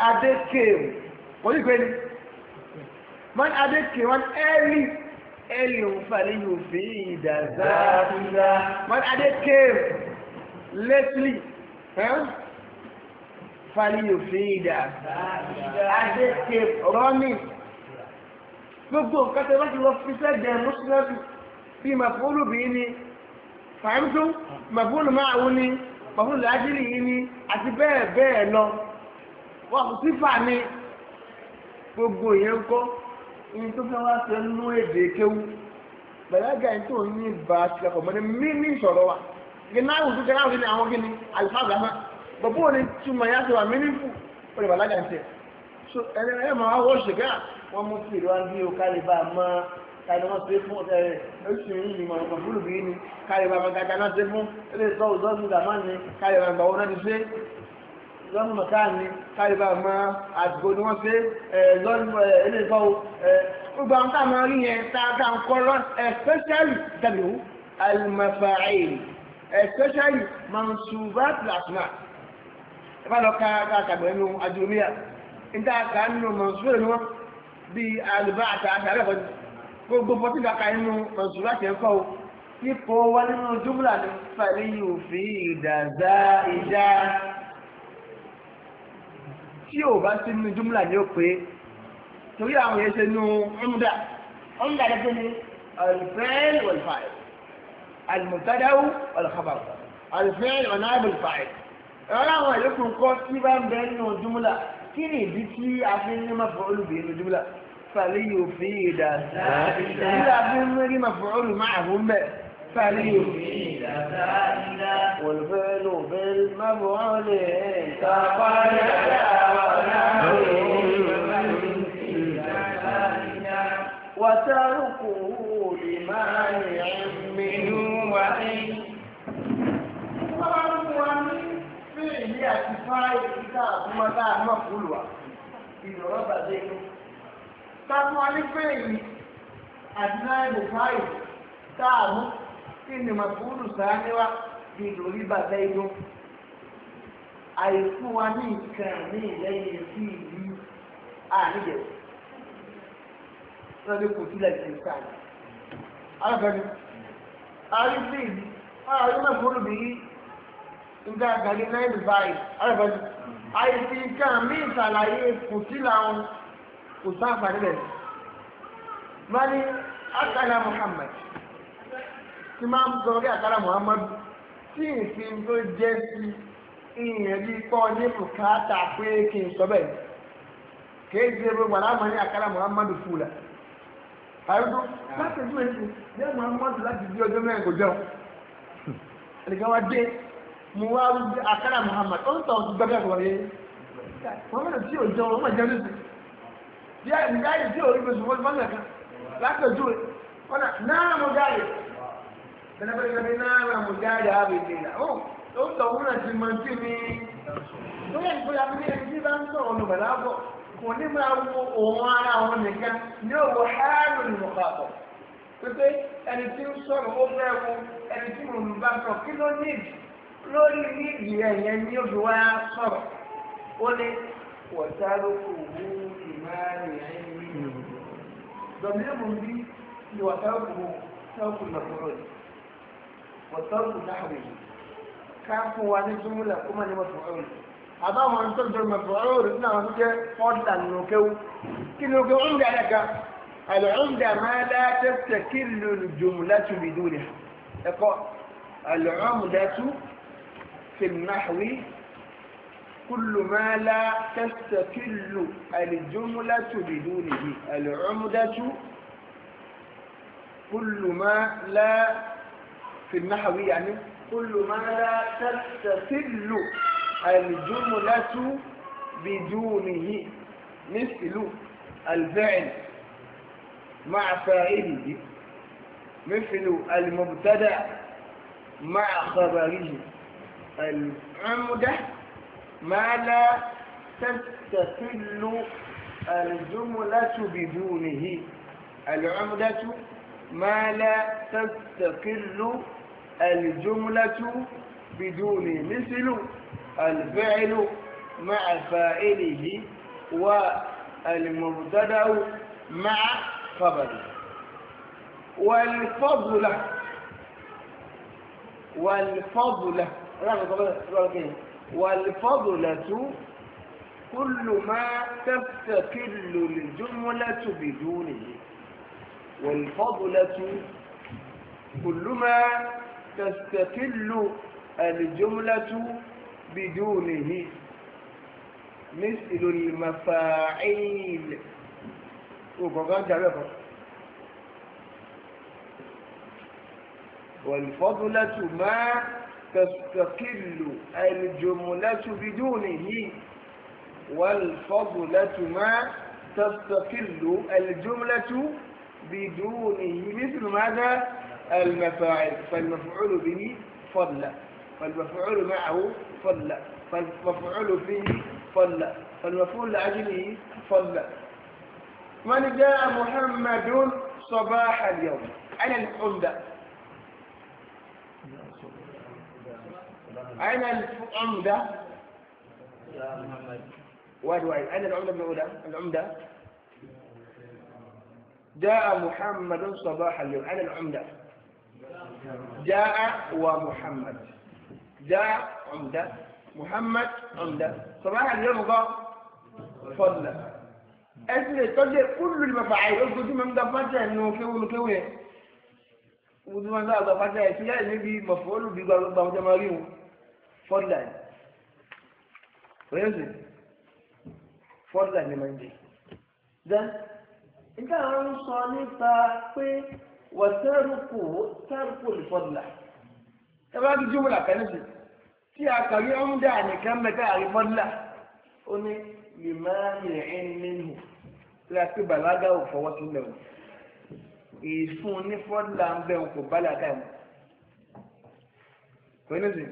adékèw oníkèé ni mami adékèw wọn ẹ́ẹ́lì. Elihu Falihu fi Dazakuda. When Ade came, lately, huh? Falihu fi Dazakuda. Ade came running. Gbogbo nǹkan tẹ́ wọ́n ti lọ fi sẹ́gbẹ̀ẹ́ Mùsùlùmí bí màfúlù bí ní fàámtó, màfúlù máa wú ní, màfúlù lájílì yìí ní, àti bẹ́ẹ̀ bẹ́ẹ̀ lọ. Wọ́n kò sí fà ní gbogbo ìyẹn kọ́ in tó fẹ́ wá ṣe nú èdè kéwú bàlágà yìí tó ní bá ti kọ̀ mọ́ ní mímí sọ̀rọ̀ wa gíná àwọn tó kẹ́rẹ́ àwọn àwọn gíní alifáàgà hàn bàbá òní túmọ̀ yá ti wà mímí fún ó lè bàlágà ń tẹ̀ so ẹni ẹ máa wọ́ ṣègá wọn mú sí ìlú àbí o kárí bá a máa kárí wọn ṣe fún ẹ oṣù yìí ni màmá búlù bí ni kárí bá a gàgà náà ṣe fún ẹ lè sọ òzọ́ọ̀sì làmá ni kárí bá a gbà wọn náà ti ṣe ìjọ́mù mọ̀ká ni káríbà mọ àdìgbò ni wọ́n ṣe lọ́nà ẹlẹ́gbọ́n gbogbo àwọn tá a máa rí yẹn tá a dá ń kọ́ lọ́n especially dàbíwò alimafail especially mansubat lasma ẹ bá lọ ká àtàgbẹ̀ nínú adúlómíà tí ò bá sí nínú júmùlà ní ó pé torí àwọn yẹn ṣe nu ọmúdà ọmúdà lẹ́gbẹ́ ni alifẹ́ẹ̀lì wọ̀lfàì alimọ̀tàdáwù ọ̀lọ́kàbàwù alifẹ́ẹ̀lì ọ̀nàbù fàì ọ̀rọ̀ àwọn ìyókù kọ́ tí bá ń bẹ nínú júmùlà kí ni ìdí tí a fi ń ní mọ̀fọ́ olùgbé nínú júmùlà fàlẹ́ yóò fi ìdá sáà ìdá fi ń rí mọ̀fọ́ olùmọ̀ àbúmbẹ̀ فليفيد فائدة والفعل بالمفعول كقال وتركه لمانع منه وإن ilé àti fáì ìdá àbúmọ́ tá a mọ̀ fúlù wa ìrọ̀rọ̀ bàdé inú. Táwọn alẹ́ fẹ́ kí ni màfúrú sáání wa bí lórí bàbá ìlú àìkú wa ní nǹkan ní ìlẹ́yìn sí ìlú àníyẹ̀ lọ́dún kò sílẹ̀ sí sáà alágbàdì àrísí ìlú àrí màfúrú bí nga gàdí náà ìlú báyìí alágbàdì àìsí nǹkan mí ìsàlàyé kò sílẹ̀ àwọn kò sáà fàdílẹ̀ bá ní akala Muhammad tí máa ń sọ muhammadu tí ìsìn tó jẹ́ sí ìyẹn bí kọ́ ní bùkátà pé kí n sọ bẹ́ẹ̀ kìí ṣe gbogbo aláàmọ́ ní muhammadu fúlà àyùkú láti ẹ̀jú èsì jẹ́ muhammadu láti bí ọjọ́ mẹ́rin kò jẹun ẹnìkan wá dé muhammadu ó ń sọ muhammadu tí ní bí tí rí tẹnabẹ́rẹ́gbẹ́ ní aláàmù jáde àbèjì ìlà ó ó tọ̀hún náà ti mọ̀ sí mi bóyá ìgbóyà mi ní ẹni tí bá ń sọ̀rọ̀ lù bẹ̀rẹ̀ àbọ̀ kò ní máa wo òun ara òun nìkan ní òwò háàrù nìmọ̀pàpọ̀ pépé ẹni tí ń sọ̀rọ̀ ó fẹ́ wo ẹni tí mò bá sọ kí ló ní ìdí lórí ní ìdí ẹ̀yẹ ní òbí wa sọ̀rọ̀ ó ní wọ̀tárùkù wú ìmáàrì ẹ̀yìn mi. dọ̀mílẹ̀ mò ń bí ìwọ̀tárùkù wú والطرد نحوه káfún wa ní túnmúlẹ̀ kó mọ̀ ní mọ̀tòrò àbáwọn tó jọ mọ̀tòrò náà ń jẹ́ ọ̀dà nùkéwú kí ni oge ń dà dàka àlùmdà máa dáadé tẹ kí lóòlù jòmù láti rí lórí ẹ̀kọ́ àlùmdà tú fìmáwí كل ما لا تستكل الجملة بدونه العمدة كل ما لا في النحوي يعني كل ما لا تتصل الجملة بدونه مثل الفعل مع فاعله مثل المبتدا مع خبره العمدة ما لا تستقل الجملة بدونه العمدة ما لا تستقل الجملة بدون مثل الفعل مع فاعله والمبتدا مع خبره والفضل والفضل والفضلة كل ما تستقل الجملة بدونه والفضلة كل ما تستقل الجملة بدونه مثل المفاعيل والفضلة ما تستقل الجملة بدونه والفضلة ما تستقل الجملة بدونه مثل ماذا المفاعل فالمفعول به فل فالمفعول معه فل فالمفعول به فل فالمفعول لأجله فل من جاء محمد صباح اليوم أين العمدة أين العمدة واد واد أين العمدة من الأولى العمدة جاء محمد صباح اليوم أين العمدة jaa wa muhammad jaa umda muhammad umda sọ̀rọ̀ àdìyẹ nǹkan fọ́nà ẹ̀sìn lè tọ́jú kúlù ní bàbá àyè ojoojúmọ́ ń gba fájà nù kéwòn kéwòn yẹn ojoojúmọ́ ń gba fájà yẹn sílẹ̀ níbi mọ̀fọ́lù bí gbàgbọ́ ọjọ́ máa rí wọn fọ́nà yẹn wọ́n yẹn fọ́nà ni máa ń jẹ. dá nígbà wọn sọ nípa pé وتركه ترك الفضل كما في جملة كنفسي في أكل يوم دعني كم تعرف فضله أني لمانع منه لا تبلغ وفوت له ìfún ní fọ́dùlà ń bẹ̀ kò bálẹ̀ àtàwọn kò ní sí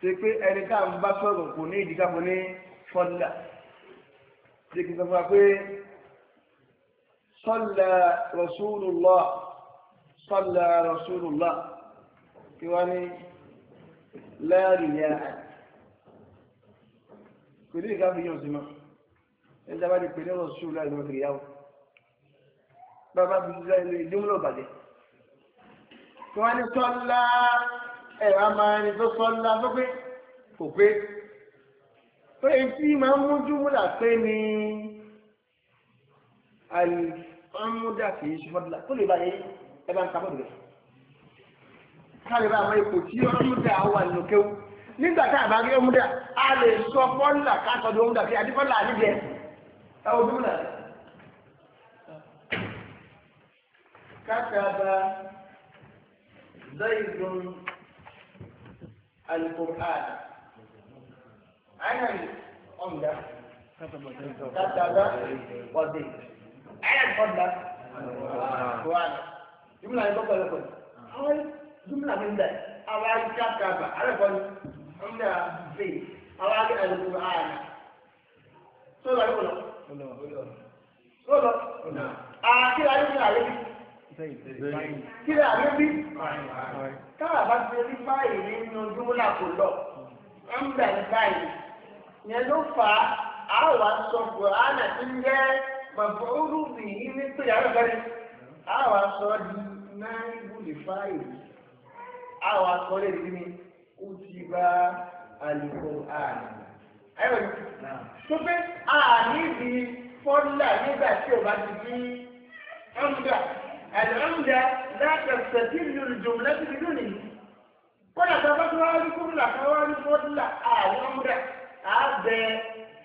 ṣe pé ẹni tá ń bá sọ̀rọ̀ kò ní ìdíkàbọ̀ ní fọ́dùlà ṣe kì í sọ fún wa pé صلى رسول الله صلى رسول الله كواني لا رياء كل كان في يوم زمان إذا ما يقول رسول الله ما في يوم بابا بيجي جملة بعدين كواني صلى ẹ wá máa ní tó sọ́lá tó pé kò pé pé tí máa ń mú júmùlà pé ní àlè ọmọdé àti ìṣúfọdúlà tó lè báyé ẹ bá ń kábọ̀ rẹ̀ káàlì bá àwọn ipò tí ọmọdé àwọn wà nínú kéwú nígbà tá a bá rí ọmọdé a lè sọ fọ́nlà káàtọ́dọ̀ ọmọdé àti adífọ́nlà àdíjẹ ẹ wo dúró náà. كتب زيد القرآن أنا الأمدة كتب وزيد ayan fadla wala jumla ah, ni boko lako hay jumla min da awali ka ka ba ala ko inda fi awali al qur'an so la ko so la a ki la ni ale bi kí lè àlè bí káà bá ti rí báyìí nínú jumla kò lọ ń bẹ̀rẹ̀ báyìí yẹn ló fà á àwọn sọ kùránà ti ń jẹ́ màbúrú mi ní tó yàrá bẹ́rẹ̀ àwọn aṣọ di náà ìbúlẹ̀ fáìlì àwọn aṣọ lè rí mi ó ti bá àlùkò àná. Ayọ̀ tó pé àní ìdí fọ́nlá nígbà tí o bá ti fi ọ̀mdà àlọ́mdà látọ̀sẹ̀ tí lórí jòmùlá ti fi lónìí. Kọ́lá tó bá tó wá rí fọ́nlá tó wá rí fọ́nlá àwọn ọ̀mdà àbẹ̀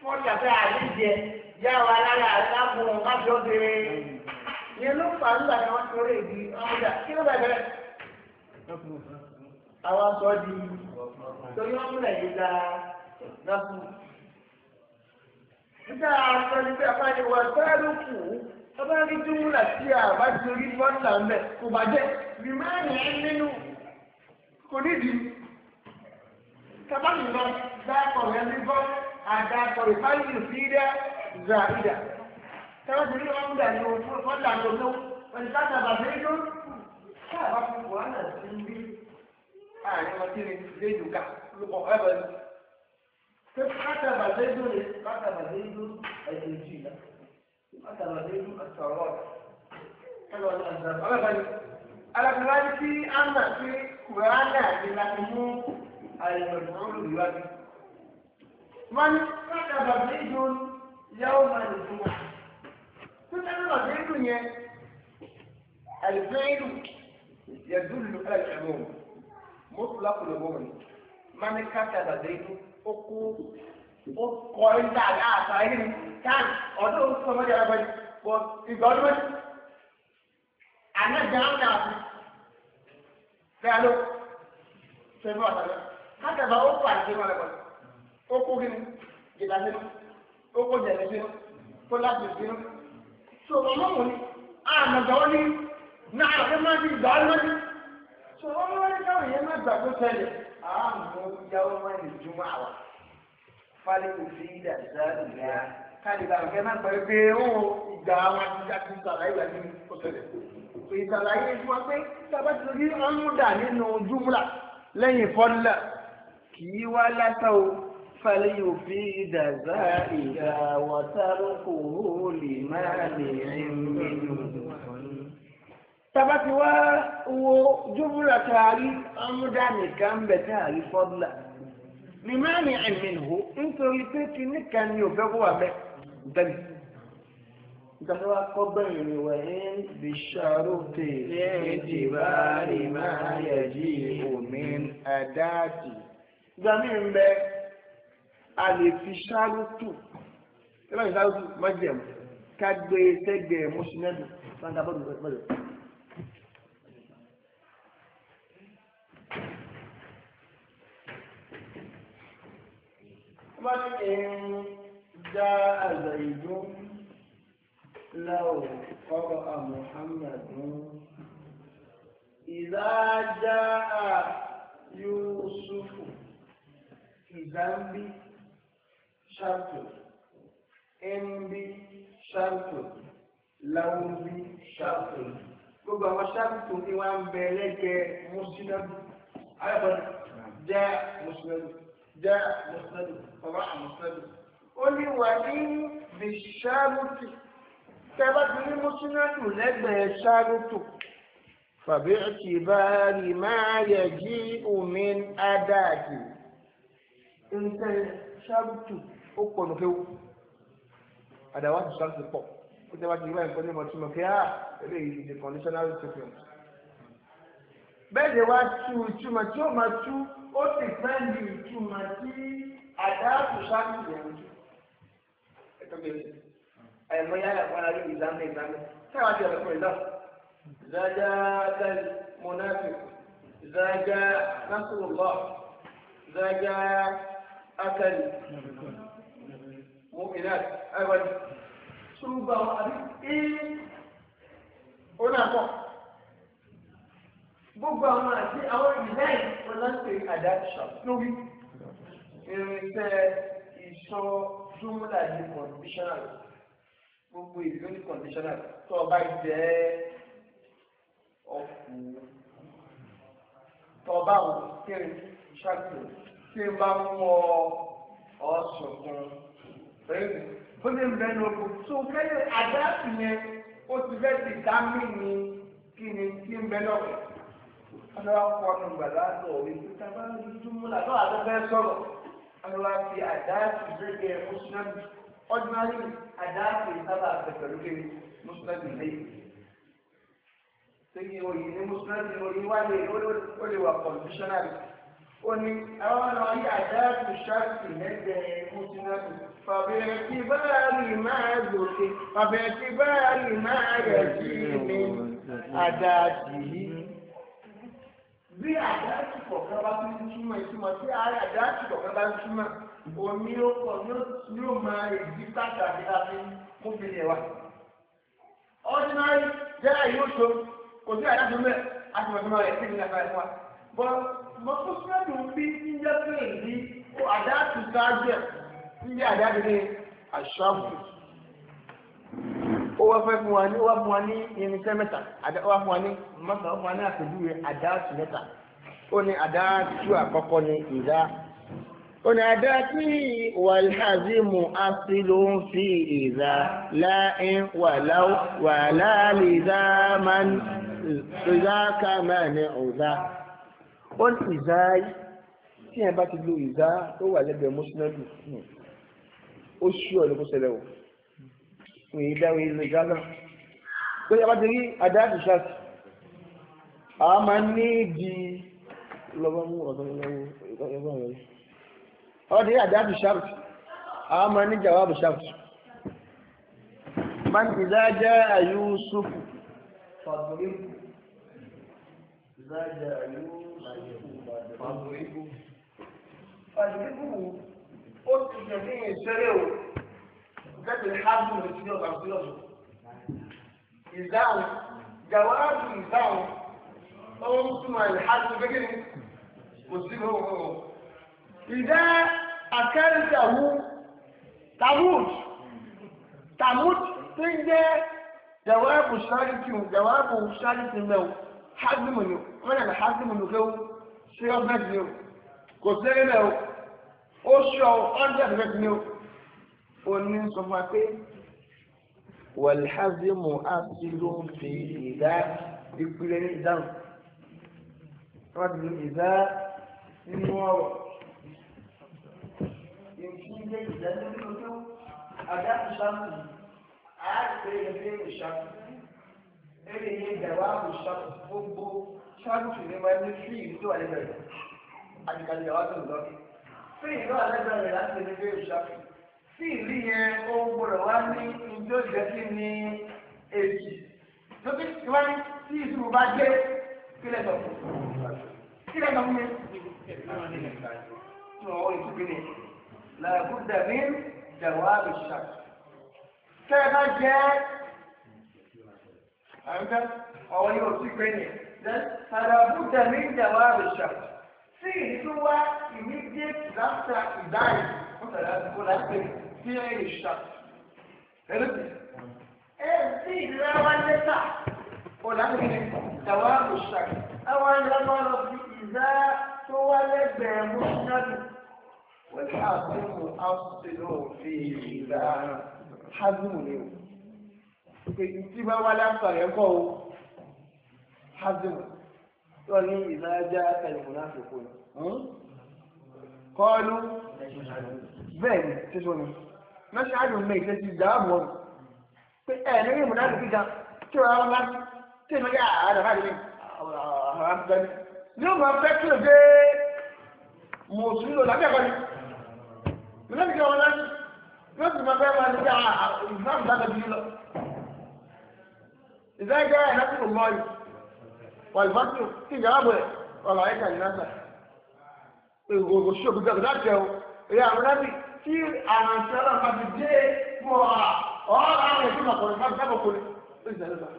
fọ́nlá tó àlejẹ yá wa lára àdáàbò káfí ọ̀bẹ̀rẹ̀ yẹn ló fà ń gbà ní wọn torí èdè ọmọdé kí ló bẹ̀ bẹ̀rẹ̀. àwọn sọ di torí wọn múlẹ̀ yìí dá lọ́kù. nígbà àtọ́ ni pé àfáàní wọ ẹgbẹ́ ló kù ọba ní dúmúlà tí a bá ti rí bọ́ńdà ń bẹ̀ kò bàjẹ́ bí máa ń yẹn nínú kò nídìí. kábàámi lọ dáàkọ̀ rẹ̀ ní bọ́ àdàkọ̀ ìfáyìlì sí dẹ́. زائدة ترى دليل عند يعني ولا عند من كتب زيد كتب وانا سنبي آه، يعني ما تيجي زيد كا لقوا أبل طيب، كتب زيد كتب زيد الإنجيل كتب زيد التوراة كتب الأنزال أنا بني أنا بني أنا في وأنا في لكمو المفعول بواجب من كتب زيد yàwó máa lè dùn wá. Tó dáná lọ sí dùn yẹn, àlùfáàlù yẹ̀dùn lù ẹ̀rọ mọ́tòlá kò lè wọ́n mi. Mami káta dàdé inú ó kó ó kọ ilé àlá àtà yìí káàdì ọdún ó sọ mọ́jà lọ́wọ́ yìí bọ́ ìgbà ọdún mọ́jà. Àná jẹun náà fi fẹ́ ló fẹ́ mọ́ àtàlẹ́. Káta bá wọn lọ́wọ́ ó kó ó kó jẹ̀lẹ̀ sínú kó láti sínú. so ọmọ wọn ni àmọ̀gbà wọn ni náà àti máa ti gbà á lọ́dí. so ọmọ wọn ni káwọn yẹn máa gbàgbó tẹ́lẹ̀ àmọ́ yàwó wọn ni jùmọ̀ àwà. fálẹ̀ kò sí ìdàgbà ìyá kálíbà kẹ́ máa gbà pé ó ìgbà wọn ti dá sí sàlàyé wà ní ọ̀sẹ̀lẹ̀. ìsàlàyé fún wa pé sábà ti rí ọmúdà nínú jùmùlà lẹ́yìn fọ́nlá kì í wá lásán o. فليفيد زائدا وتركه لمانع منه tabati wá wo jumla taari amúdá nìkan bẹ taari fọdúlà ní máa ní ẹ̀mìnhó nítorí pé kìíní kan ní òfẹ́ kó wà bẹ́ bẹ́ẹ̀ nítorí wá kọ́ bẹ́ẹ̀ ni wà ń fi ṣàrò tè èdè bá rí máa yẹ jí omi àdáàtì gbàmí ń bẹ́ẹ̀. a lè fi ṣáàlùtù kí wọ́n fi ṣáàlùtù májèmú ká gbé sẹ́gbẹ̀ẹ́ mọ́ṣínẹ́dù sáńdà bọ́ọ̀dù bọ́ọ̀dù. wọ́n ní ẹ̀yìn já àgbà ìlú láwọ̀ ọ̀rọ̀ àmọ̀hámàdùn ìlà já Yúsúfù ìdámbí. شرط إنبي شرط لونبي شرط gbogbo àwọn ṣáàtù ni wọn ń bẹ lẹ́gbẹ̀ẹ́ mùsùlùmí alábọọdù já mùsùlùmí já mùsùlùmí bàbá mùsùlùmí ó ní wà ní bìṣáàlùtù tẹ́bá ti ní mùsùlùmí lẹ́gbẹ̀ẹ́ ṣáàlùtù fàbí ọtí bá rí máa yẹ jí omi adáàdì nǹkan ṣáàlùtù ó pọ̀ nù kéwù àdáwà tó sáré ti pọ̀ ó jẹ́ wá ti gbá ẹ̀kọ́ ní ọmọ kí á eré yìí di conditional statement. bẹ́ẹ̀ ni wá tú ìtumọ̀ tí ó máa tú ó ti fẹ́ǹdì ìtumọ̀ tí àdáwà tó sáré ti yẹn tú. ẹ̀tọ́ bẹ́ẹ̀ ẹ̀mọ yára fara lórí ìdáná ìdáná táwọn àti ọ̀rẹ́ fún zaja ìdájá dáì mọ́nàfì ìdájá násùlùmọ́ ìdájá mu'minat ẹ̀wọ̀n ṣùgbọ́n àbí ẹ̀ ó náà pọ̀ gbogbo àwọn àti àwọn ìlẹ́yìn ọlọ́sẹ̀ àdáṣọ lórí irinṣẹ́ ìṣọ dúmúlà ní conditional gbogbo ìlú ní conditional tó ọba jẹ́ ọkùnrin tó ọba àwọn kẹrin ṣàkóso tí ń bá mú ọ ọ sọ̀kan ó lè mẹ́nu ọkọ̀ tó fẹ́lẹ̀ àdáàtì yẹn ó ti fẹ́ ti dá mí ni kí ni kí ń bẹ lọ́wọ́ ọ̀nà ọkọ̀ ọ̀nà gbàgbà lọ òwe tó tábà ń dúdú làtọ́ àtọ́fẹ́ sọ̀rọ̀ ọ̀nà wa fi àdáàtì gbẹ́gẹ́ mùsùlùmí ọ̀dùnmáyé àdáàtì sábà pẹ̀lú kí mùsùlùmí lẹ́yìn. sẹ́yìn òyìn ní mùsùlùmí òyìn wá lè ó lè wà kọ̀ǹdíṣọ́nà ó ní àwọn ọ̀nà yìí àdáàtì فباعتبار ما ذكر فباعتبار ما يجي من أداته bí àdáàtì kọ̀ọ̀kan bá tún túmọ̀ ìtumọ̀ tí àdáàtì kọ̀ọ̀kan bá túmọ̀ omi ó kọ̀ yóò máa èdè pàtàkì àti kóbìnrin wa. ordinary jẹ́ àyíwòsó kò sí àdáàtì mẹ́ àtìmọ̀tìmọ̀ rẹ̀ sí ìlànà ìwà. bọ́n mo tún fẹ́ dùn bí níjẹ́ pé níbi àdáde ní àṣàbù ó wá fẹ́ fún wa ní wá fún wa ní irinṣẹ́ mẹ́ta wá fún wa ní mọ́tà wá fún wa ní àpèjúwe àdáàtú mẹ́ta ó ní àdáàtú àkọ́kọ́ ní ìdá ó ní àdáàtú wàlhàzímù asìlò ń fi ìdá láìn wàláwù wàláàlì ìdákàmánì ọ̀dá ó ní ìdá tí ẹ bá ti lo ìdá tó wà lẹ́gbẹ̀ẹ́ mọ́sílẹ́dù ó ṣú ọ̀ ní kó ṣẹlẹ̀ o fún èyí dáhùn ilé ghana pé yàrá ti rí adáàtì ṣáàtì àwa máa ń ní di lọ́wọ́ mú ọ̀tọ́ lọ́wọ́ ẹgbẹ́ ọ̀rọ̀ yìí ọ̀rọ̀ ti rí adáàtì ṣáàtì àwa máa ń ní jàwáàbù ṣáàtì man ìdá jẹ́ àyùsùfù fàdúrébù ìdá jẹ́ àyùsùfù fàdúrébù fàdúrébù. ó ti tẹ̀lé ìṣẹ́lẹ̀ o gẹ́gẹ́ bí hábùn rẹ̀ sílẹ̀ ọ̀gá sílẹ̀ ọ̀gá. ìdáhùn jàwáàbù ìdáhùn ó ń túmọ̀ ìhábùn gẹ́gẹ́ ni kò sí ló wọ̀ ọ́. ìdá akẹ́rìndàwù tamud tamud tó ń jẹ́ jàwáàbù sáríkì jàwáàbù sáríkì mẹ́wò hábùn ni wọ́n yà ní hábùn ni kò sí ọ̀gá sílẹ̀ o kò sí ẹ̀rẹ́ mẹ́wò. ó ṣọ hundred percent ni ó ní sọ fún wa pé wàlíhàzímù àṣìlò fi ìdá ìpìlẹ̀ ní ìdáhùn wọ́n ti lo ìdá nínú ọ̀rọ̀ ìfúnjẹ ìdá nínú tó àdáàbò sáàmù àáṣe ẹgbẹ́ ìṣàkó ẹgbẹ́ ìyẹn ìdàwà ìṣàkó gbogbo sáàmù sì ní wọ́n ní fíìmù tó wà níbẹ̀ àdìkàdì àwọn lọ́kì sí ìlú àlẹ́gbẹ̀ẹ́ rẹ̀ láti lè gbé ìṣàkó sí ìlú yẹn ohun gbọdọ̀ wá ní ìjọ ìjẹ́sí ní èjì lókè ìwádìí tí ìṣòro bá dé kílẹ̀ tó kílẹ̀ tó mi. Ìwọ̀n ìtúbìnrin làbú dàbí dàwà ìṣà. Tẹ́ ẹ bá jẹ́ àyíká ọ̀wọ́ yóò sí pé ní. Làbú dàbí dàwà ìṣà tí èyí tó wá immediate after ìdáyì wọ́n tẹ̀lé àdúgbò láti fi ẹ̀ ìṣà ẹ̀rẹ́bì. ẹ tí ìlera wa lẹ́tà ọ̀làkùnrin ìtàwá òṣà àwọn ìlànà lọ sí ìzá tó wá lẹ́gbẹ̀ẹ́ mọ́ṣúnádù wọ́n ti àbẹ̀wò àṣìṣe òfin ìlà hazmu ni o. èyí tí bá wá láǹfààní ẹ̀kọ́ o hazmu tó ní ìdájá ẹ̀yìnkùnlá àfikún kọlu bẹ́ẹ̀ni títú ni mẹ́ṣáàdùn mi ṣe ti dáàbò wọn pé ẹ̀ ní ìmúdá ti kíga tí ó rárá tí ìmọ̀ yá àdàbà ní àwọn afẹ́ni ní ó máa fẹ́ kí o dé mùsùlùmí lò lábẹ́ ẹ̀kọ́ ni ìlú ní kí wọn lọ yóò sì kò mọ́ yìí wàlùfáàtì kí ìjà ààbò ẹ̀ ọ̀là ẹ̀ka ìnáta ìgbòho sí òbí gbàgbé láti ẹ̀wọ̀ èyí àwọn láti tí àwọn ìṣẹ́ náà bá ti dé fún ọ̀rà ọ̀rà àwọn ìṣẹ́ náà kọ̀ọ̀rọ̀ láti dábọ̀ kọ́ni ó sì dáná sáà.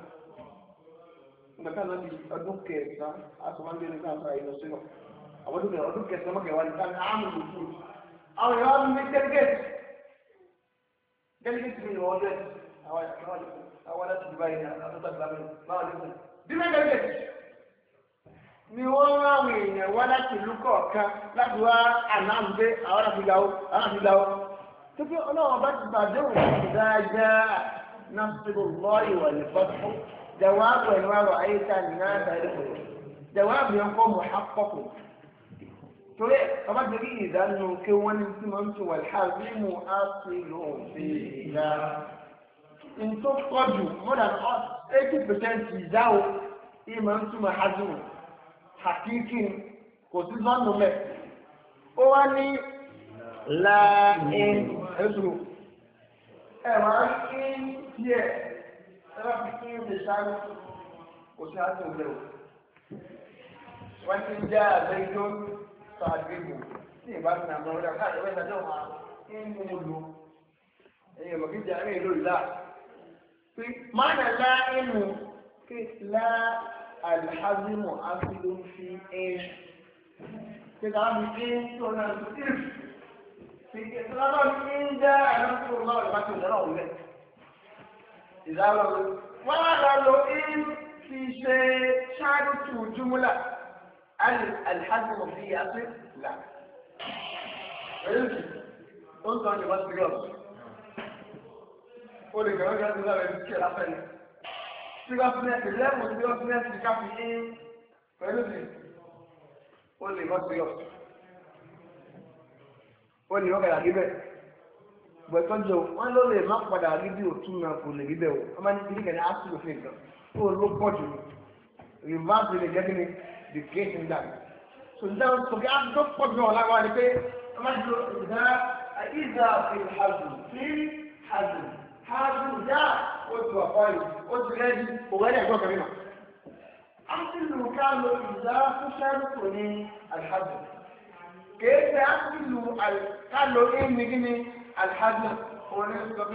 Nígbàtà náà di ọdún kẹta àtúmọ̀dé ní káàkiri àyè lọ́sí lọ. Àwọn ọdún kẹta ọdún kẹta mọ́kẹ̀wá ní káàkiri àmì lòdù. Àwọn ìyá mi ní délégéètì. Délégéètì mi ni wọ́n dẹ̀. Àwọn ìyá mi ní wọ́n dẹ̀. Àwọn ìyá mi ní wọ́n dẹ̀ ni wọ́n ráwọn èèyàn wá láti ìlú kọ̀ọ̀kan láti wá ànáǹdé àwọn àfihàwó àfihàwó tó fi ọlọ́wọ́n bá ti bàjẹ́ òun láti dáadáa náà ti bò lọ́ ìwà ìfọ́tò jawaabu ẹni wa wà ayé tá nínú àtàrí kò jawaabu yẹn kọ́ mu ha kọ́kọ́ torí ọba torí ìdánù kí wọ́n ní tí wọ́n ti wà lẹ́hà mu á ti lò ó hakiki kò sí lọ́nù mẹ́ ó wá ní láàrín ẹ̀dùn ẹ̀wà sí díẹ̀ ẹ̀wà fi kí ń lè ṣáájú kò sí àtún lẹ́wọ̀ wọ́n ti já àbẹ́ ijó sàgbégbò sí ìbámu náà mọ́ ọ́dà káàdì wẹ́n tàbí ọ̀hún inú olú ẹ̀yìn ọ̀mọ̀ kíjà ẹ̀yìn lórí láà pé má nà láà الحزم عقد في ايش كده عم يقول انا في كتابة في ذا أنا أقول الله لك إذا لو إن في شيء شعرت جملة هل الحزم في في في في في في في في في أصل؟ لا في أنا بس قلت في كمان كانت مدى في الأفل seriousness level seriousness ní ká fi yín pẹ̀lú mi ó lè mọ́ serious ó lè mọ́ padà níbẹ̀ gbẹ̀tọ́jọ wọn ló lè má padà níbi òtún náà kò lè níbẹ̀ o wọn máa ní kíní kẹ́ni áṣù òfin nǹkan tó ló pọ̀ jù reverse lè jẹ́ kíni the great thing that so nígbà tó kí á tó pọ̀ jù ọ̀la wa ni pé wọn máa ń lo ìdá ìdá fi hàzù fi hàzù hajj ya ó ti wà fáyì ó ti rẹ́dí òwò ẹ̀dẹ̀ ẹ̀gbọ́n kan mímọ́. Amúlù ká lo ìlà fúnṣẹ́rùkù ní alhajj. Kèé ṣe amúlù ká lo ìmì gíní alhajj. ونسقط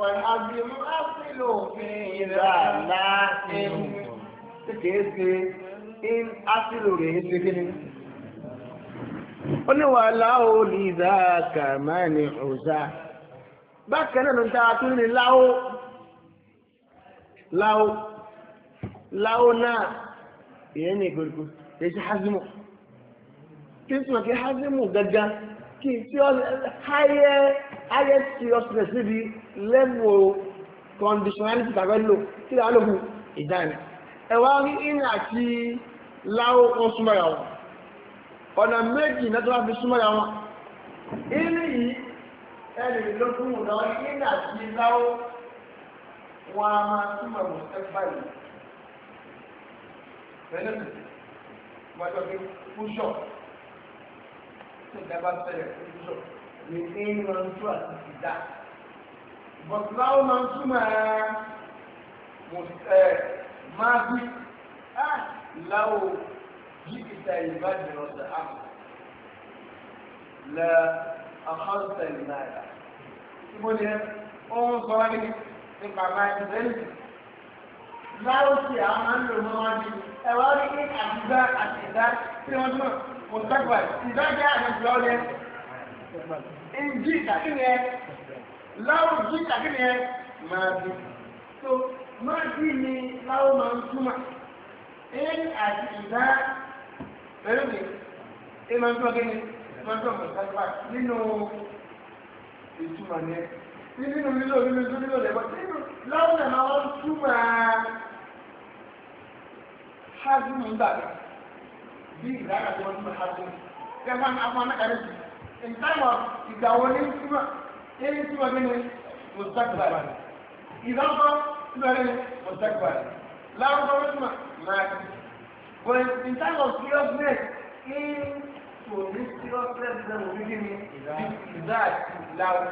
والأبل أصل في ذلاتهم تكيسي إن أصل رهسكني قل ولو لذاك مانع ذاك bákan náà ta tún ní láwó láwó láwó náà ìyẹn ní ìgbèríko èyí sí hazimu kí n sọ̀rọ̀ kí hazimu gangan kí n tí ó háyẹ́ háyẹ́ seriousness níbi lẹ́mù conditionality tàbí lò kí làwọn lò fún ìdáni ẹ̀wá rí ìrìn àti láwó wọn súnmọ́ra ọ̀nà méjì náà tó wá fi súnmọ́ra wọn ìrìn yìí ẹni ló fún un náà yín àti láwọ́ wọn a máa túmọ̀ mọ̀ ẹ báyìí pẹ̀lú wájú pé fúnṣọ̀ tí ìjọba tẹ̀lé fúnṣọ̀ ní ẹni máa ń tú àti ìdá bọ̀tù láwọ́ máa ń túmọ̀ ẹ máa bí láwọ́ yìí ìta ìbàdàn ọ̀sẹ̀ àmì àkọ́ǹtà ìnáyà tí mo ní ohun sọ ní nípa báyìí bẹ́ẹ̀ni láwùsí àwọn máa ń lò mọ́ wọn ní ẹ̀wá rí ní àtìgbà àtìgbà tí wọ́n mọ̀ mo láwùjí ìtàkìnì máa bí so máa bí ni láwù máa ń túmọ̀ ẹ̀yìn àti ìdá pẹ̀lú mi ẹ̀ máa lọ́jọ́ mọ̀tàlùmá nínú ìtumọ̀ ni nínú lílo nínú tó lílo lẹ́gbọ́n nínú lọ́wọ́n náà wọ́n túmọ̀ hajjúmù ń dàgbà bí ìdára tí wọ́n túmọ̀ hajjúmù kẹfà ní afọ anákàrí jù ìtàmọ̀ ìgbàwọ́ ní túmọ̀ ní túmọ̀ nínú mọ̀tàlùmá ìdánwó túmọ̀ nínú mọ̀tàlùmá láwùjọ túmọ̀ náà But in terms of seriousness, in tó ní seriousness náà wọ́n fi ní ìdá àti ìlàwọ́.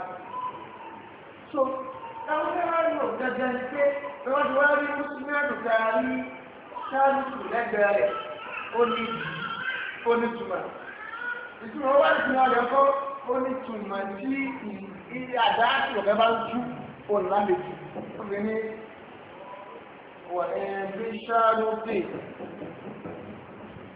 so táwọn fẹ́ wá lò gẹ́gẹ́ ni pé wọ́n ti wá rí mùsùlùmí àdùgbà rí sáàlùkù lẹ́gbẹ̀ẹ́ rẹ̀ ó ní ó ní tùmọ̀. ìtumọ̀ wá ní tùmọ̀ rẹ̀ kọ́ ó ní tùmọ̀ tí ìdí àdá àti ọ̀gá bá ń tú òun lábẹ́jù obìnrin wọ̀ ẹ́ bí sáàlùkù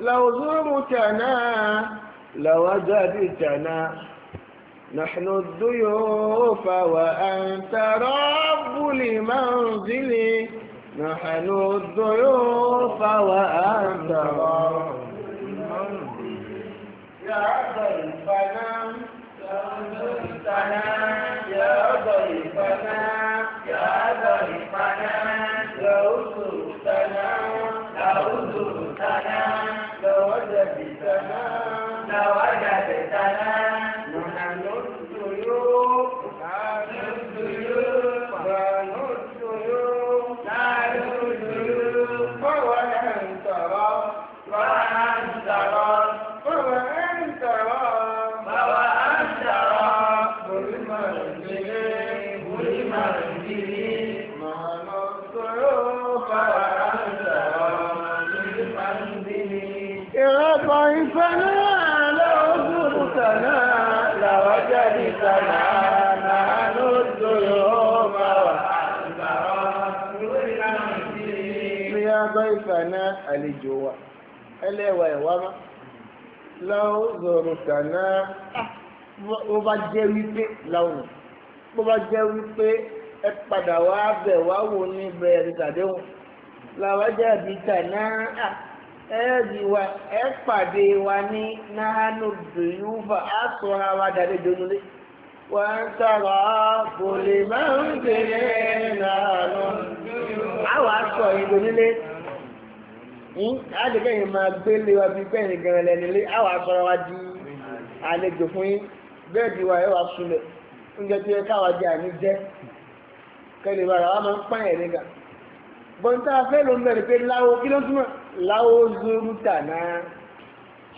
لو زرتنا لوجدتنا نحن الضيوف وأنت رب لمنزلي نحن الضيوف وأنت رب يا ضيفنا لو زرتنا àlejò wa ẹlẹ́wà ẹ̀wá má láwọn zọrọ̀ tàná ah, bó bá jẹ́ wípé láwọn bó bá jẹ́ wípé ẹ padà wá bẹ̀ wá wò ní bẹ̀rẹ̀ tàdéhùn làwọn jẹ́ àbí tàná ah, ẹ̀ẹ́dì wa ẹ pàdé wa ní nahanu dùyúfà á sọ ara wa dàdé donulé wọ́n sọ̀rọ̀ kò lè máa ń gbèrè náà lọ. àwọn aṣọ ìdónílé ń àdìgbẹ́yìn máa gbélé wa bí gbẹ̀yìn gan lẹ́nu lé àwọn asọ́ra wa di àlejò fún yín bẹ́ẹ̀dì wa ẹ̀ wá sulẹ̀ oúnjẹ tí ẹ káwa jẹ àní jẹ́ kẹlẹ̀ wa làwọn máa ń pààyàn ẹ̀ nígbà bọ́ńtà fẹ́ ló ń bẹ̀rẹ̀ pé láwo kí ló túmọ̀ láwo zuru tànà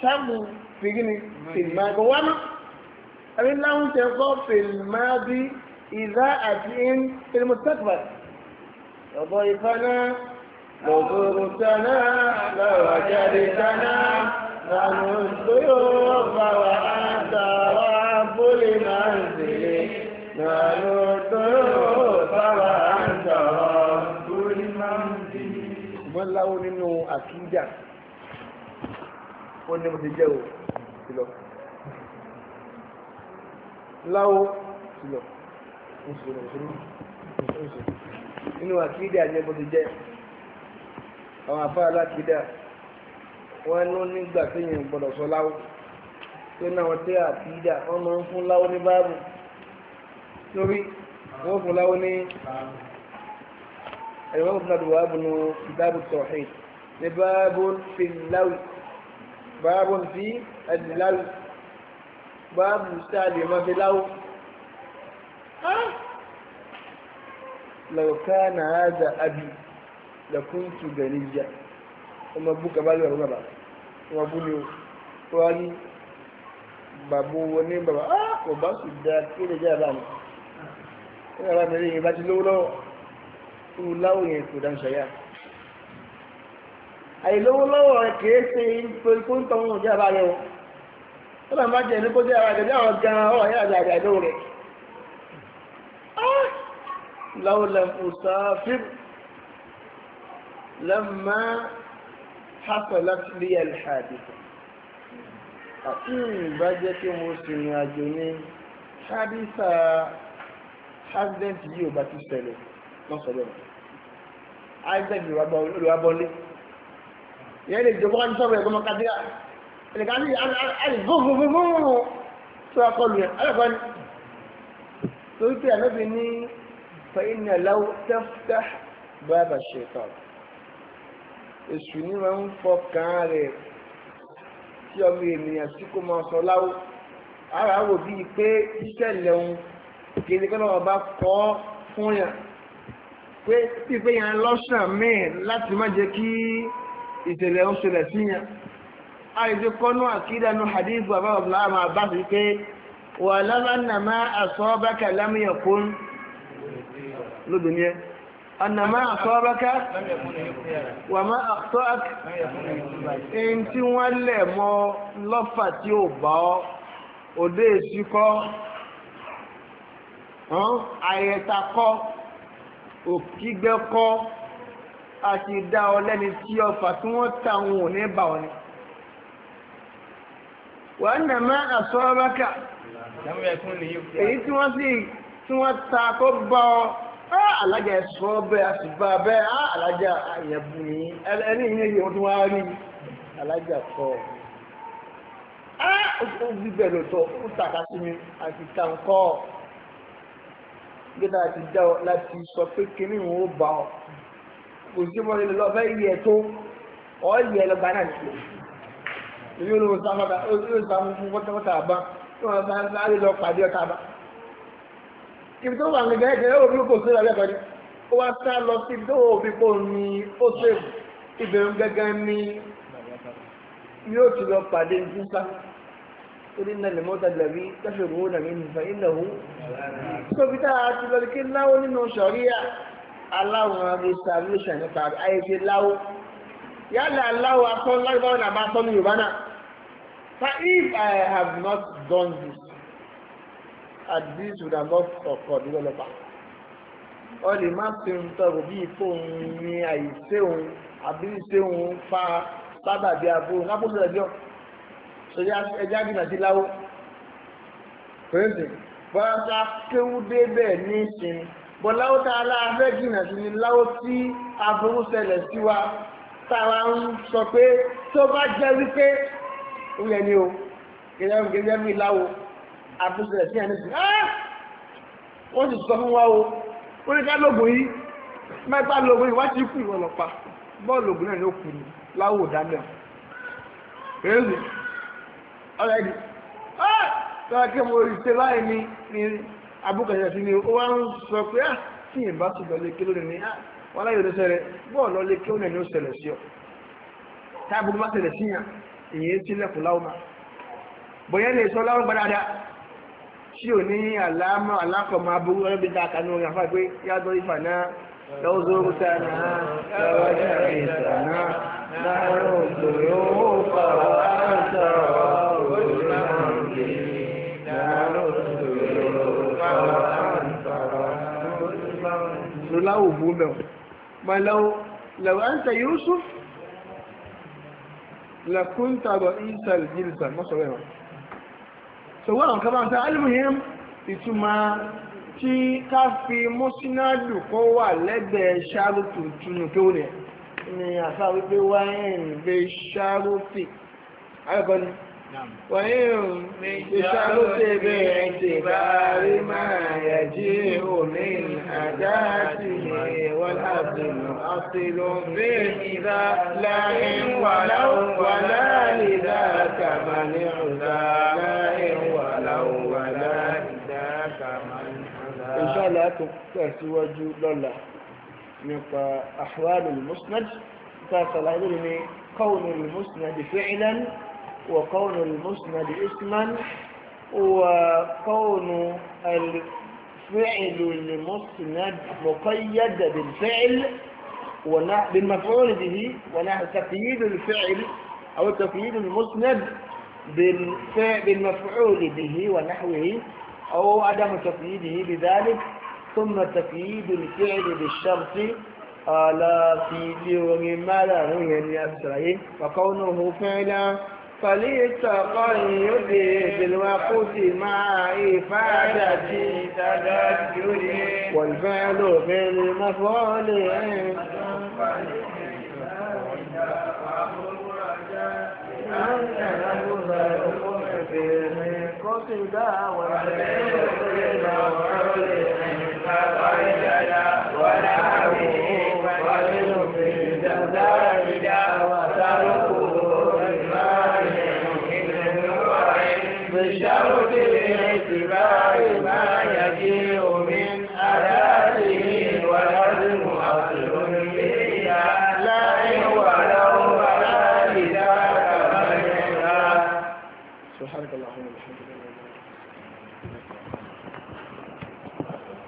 sáàbù fìgínì tìmáàgò wá mọ́ àbí láwọn tẹ̀ kọ́ fìmáàbí ìdá àti ìmùtẹ́kùbà ọ̀bọ̀ ìfaná. لو زرتنا لوجدتنا نحن الضيوف وأنت رب المنزل نحن الضيوف وأنت رب المنزل wọ́n láwọn nínú àkíjà ó ní mo ti jẹ́ o sílọ láwọ́ sílọ ń sọ̀rọ̀ sọ̀rọ̀ nínú àkíjà ní mo ti jẹ́ àwọn afá alákìdá wọn ní nígbà tí yẹn gbọ́dọ̀ sọ láwọ tó ní àwọn tí àbídà wọn máa ń fún láwọ ní báàbù torí wọn fún láwọ ní ẹ̀rọ fún láwọ báàbù ní kìtàbù tawhid ní báàbù fi لو كان هذا أبي lẹ́kúntù gẹ̀ẹ́lì jẹ ọmọ buka kabalẹ̀ ọ̀rọ̀ bàbá wọn bú ni ó wá ní bàbá wọn ní bàbá ah bàbá sì dá kí lè jẹ́ àbá mi ó yàrá mi rí yẹn bá ti lówó lọ́wọ́ tó láwọ̀ yẹn kò dá nṣẹ́yà àìlówó lọ́wọ́ rẹ̀ kìí ṣe ikú ń tọ́ wọn jẹ́ àbá rẹ̀ wọn ó bàbá má jẹ́ ní kó jẹ́ àbá rẹ̀ jẹ́ àwọn gan-an ọ̀rọ̀ yẹn لما حصلت لي الحادثة أم بجت مسلم أجوني حادثة accident yìí ò bá ti ṣẹlẹ̀ wọ́n sọ bẹ́ẹ̀ accident olùwàbọ̀lé yẹn lè jọ bọ́kàtí sọ̀rọ̀ ẹ̀gbọ́n kadìrà ẹ̀nìkan ní àlè gbọ́ngbọ́ngbọ́ngbọ́n tó wà kọlu yẹn alẹ́kọ̀ọ́ ni torí pé àlọ́bìn ní fẹ́yìn náà láwọ́ tẹ́fẹ́ bá bàṣẹ tọ̀rọ̀ èṣù ní máa ń fọkàn rẹ̀ tí ọmọ ènìyàn tí kò máa sọ láwọ́ ara wò bíi pé ìṣẹ̀lẹ̀ òun kéde kọ́nà ọba kọ́ fún yàn pé pípé yàn lọ́sàn míì láti má jẹ́ kí ìṣẹ̀lẹ̀ òun ṣẹlẹ̀ sí yàn àìsí kọ́nú àkídánú hadith bàbá ọ̀bùnà àmà bá sí pé wà lọ́sàn náà má àsọ́ bákà lámìyàn fún lóbìnrin أن ما أصابك وما أخطأك إن تولى مو لفت يوبا وديسك àyẹ̀takọ́ òkígbẹ́kọ́ àti ìdá ọlẹ́ni tí ọfà tí wọ́n ta òun ò ní bà ọ́ ni wọ́n nà má àsọ́ọ́bákà èyí tí wọ́n tí wọ́n ta kó bá ọ alájà ẹ̀sọ́ bẹ́ẹ̀ àṣìbá bẹ́ẹ̀ alájà àyẹ̀bù ní ẹni ìyẹn yìí wọ́n tún wá rí alájà kọ́ ó bí bẹ́ẹ̀ lọ́tọ̀ ó tàka sí mi àti kàǹkọ́ gbẹ́dà àti dá ọ láti sọ pé kíní ìwọ̀n ó bá ọ kò sí mọ́ ilé lọ́fẹ́ yẹ tó ọ yẹ lọ́gbà náà nìyẹn èmi ò lọ sáfà fún pátápátá àbá tí wọ́n bá ń sáré lọ pàdé ọ̀tá àbá ibi tó wà ní gẹ́gẹ́ ó rí kò sí ìlàlẹ́ ẹ̀kọ́ ni ó wá sá lọ sí ibi tó wò ó fi pò ní ó sèbù ìbẹ̀rù gẹ́gẹ́ ní yóò ti lọ pàdé nípa ó ní nàlẹ́ mọ́tà lẹ́bí tẹ́fẹ̀ owó nàmí nìfẹ́ ilẹ̀ òun tóbi tá a ti lọ kí láwó nínú sọ̀ríà aláwọn reservation nípa ayẹyẹ láwó yálà aláwọ akọ́ lágbáwọn àbá sọ́nù yorùbá náà fa if i have not done this and this would have not occurred lọ́lọ́pàá ọ lè má ṣe ń tọrọ bí ipò òun ní àìsí òun àbí ṣé òun fa sábàbí àbò lápòsí ẹ̀jọ́ ṣèyá ẹja gbìnà sí láwó pẹ̀lú bọ́lá sá kéwú dé bẹ́ẹ̀ ní ìsinmi bọ́lá ó tá a láfẹ́ gbìnà sí ni láwó tí aforúṣẹlẹ̀ sí wa táwa ń sọ pé tó bá jẹ́ wípé ó yẹ ni o gẹ́gẹ́ bí láwó àtúnṣe sí ẹni sí ah! wọ́n sì sọ fún wa o ó ní ká lóògùn yìí mẹ́ta lóògùn yìí wá sí kú ìwọ̀n lọ́pa bọ́ọ̀lù ògùn náà ni ó kù ní láwò dáadáa èyí ọ̀rẹ́ ẹ̀dì tọ́lá kí mo rí ṣe láì ní ní abúkàṣà sí ni ó wá ń sọ pé á ah, tí yìí bá sùn lọ́lé kí ló ní á ah, wọn láyé òde sẹ́rẹ̀ bọ́ọ̀lù lọ́lé kí ó nẹ̀ ní ó ṣẹlẹ̀ sí ọ táàbù bá ṣẹlẹ̀ síyàn ìyẹn sílẹ̀kùn láwọn bọ̀yẹ́ lè sọ láwọn gbádáadáa tí ò ní àlámọ̀ alákọ̀ọ́mọ aburú ọlọ́bí dá kanú orin àfáà pé yàtọ̀ ìfà náà lọ́wọ́ sóró sáná lọ́wọ́ sáná ìsàná láàárọ̀ òṣòro ó fà wá sọ̀rọ̀ òṣòro náà lè láàárọ̀ òṣòro fà wá sọ̀rọ̀ òṣòro bú mẹ́wọ̀ lọ́wọ́ lọ́wọ́ àǹtà Yusuf làkúntàbọ̀ ìsàlẹ̀ jìlìsà mọ́sọ̀rọ̀ ẹ̀wọ̀n sọ̀wọ́n àwọn kọba ta alimuhim ìtumà tí ká fi mọ́sínádù kọ́ wà lẹ́gbẹ̀ẹ́ ṣáàrùtù túnú tó rẹ̀ ni àfà wípé wáyìn gbé ṣáàrùtì ayọ̀kọ́ ni wáyìn gbé ṣáàrùtì bẹ́ẹ̀ ti bá rí máa yẹ jí ان شاء الله تسوجوا لله نبقى احوال المسند فصل علمي قول المسند فعلا وقول المسند اسما وكون الفعل المسند مقيد بالفعل بالمفعول به ونحو تقييد الفعل او تقييد المسند بالفعل بالمفعول به ونحوه أو عدم تقييده بذلك ثم تقييد الفعل بالشرط على آه، في ما لا هي يسرعه وكونه فعلا فللتقيد بالوقت مع إفادة تذكر والفعل في المفعول عند له في والقدى والبشر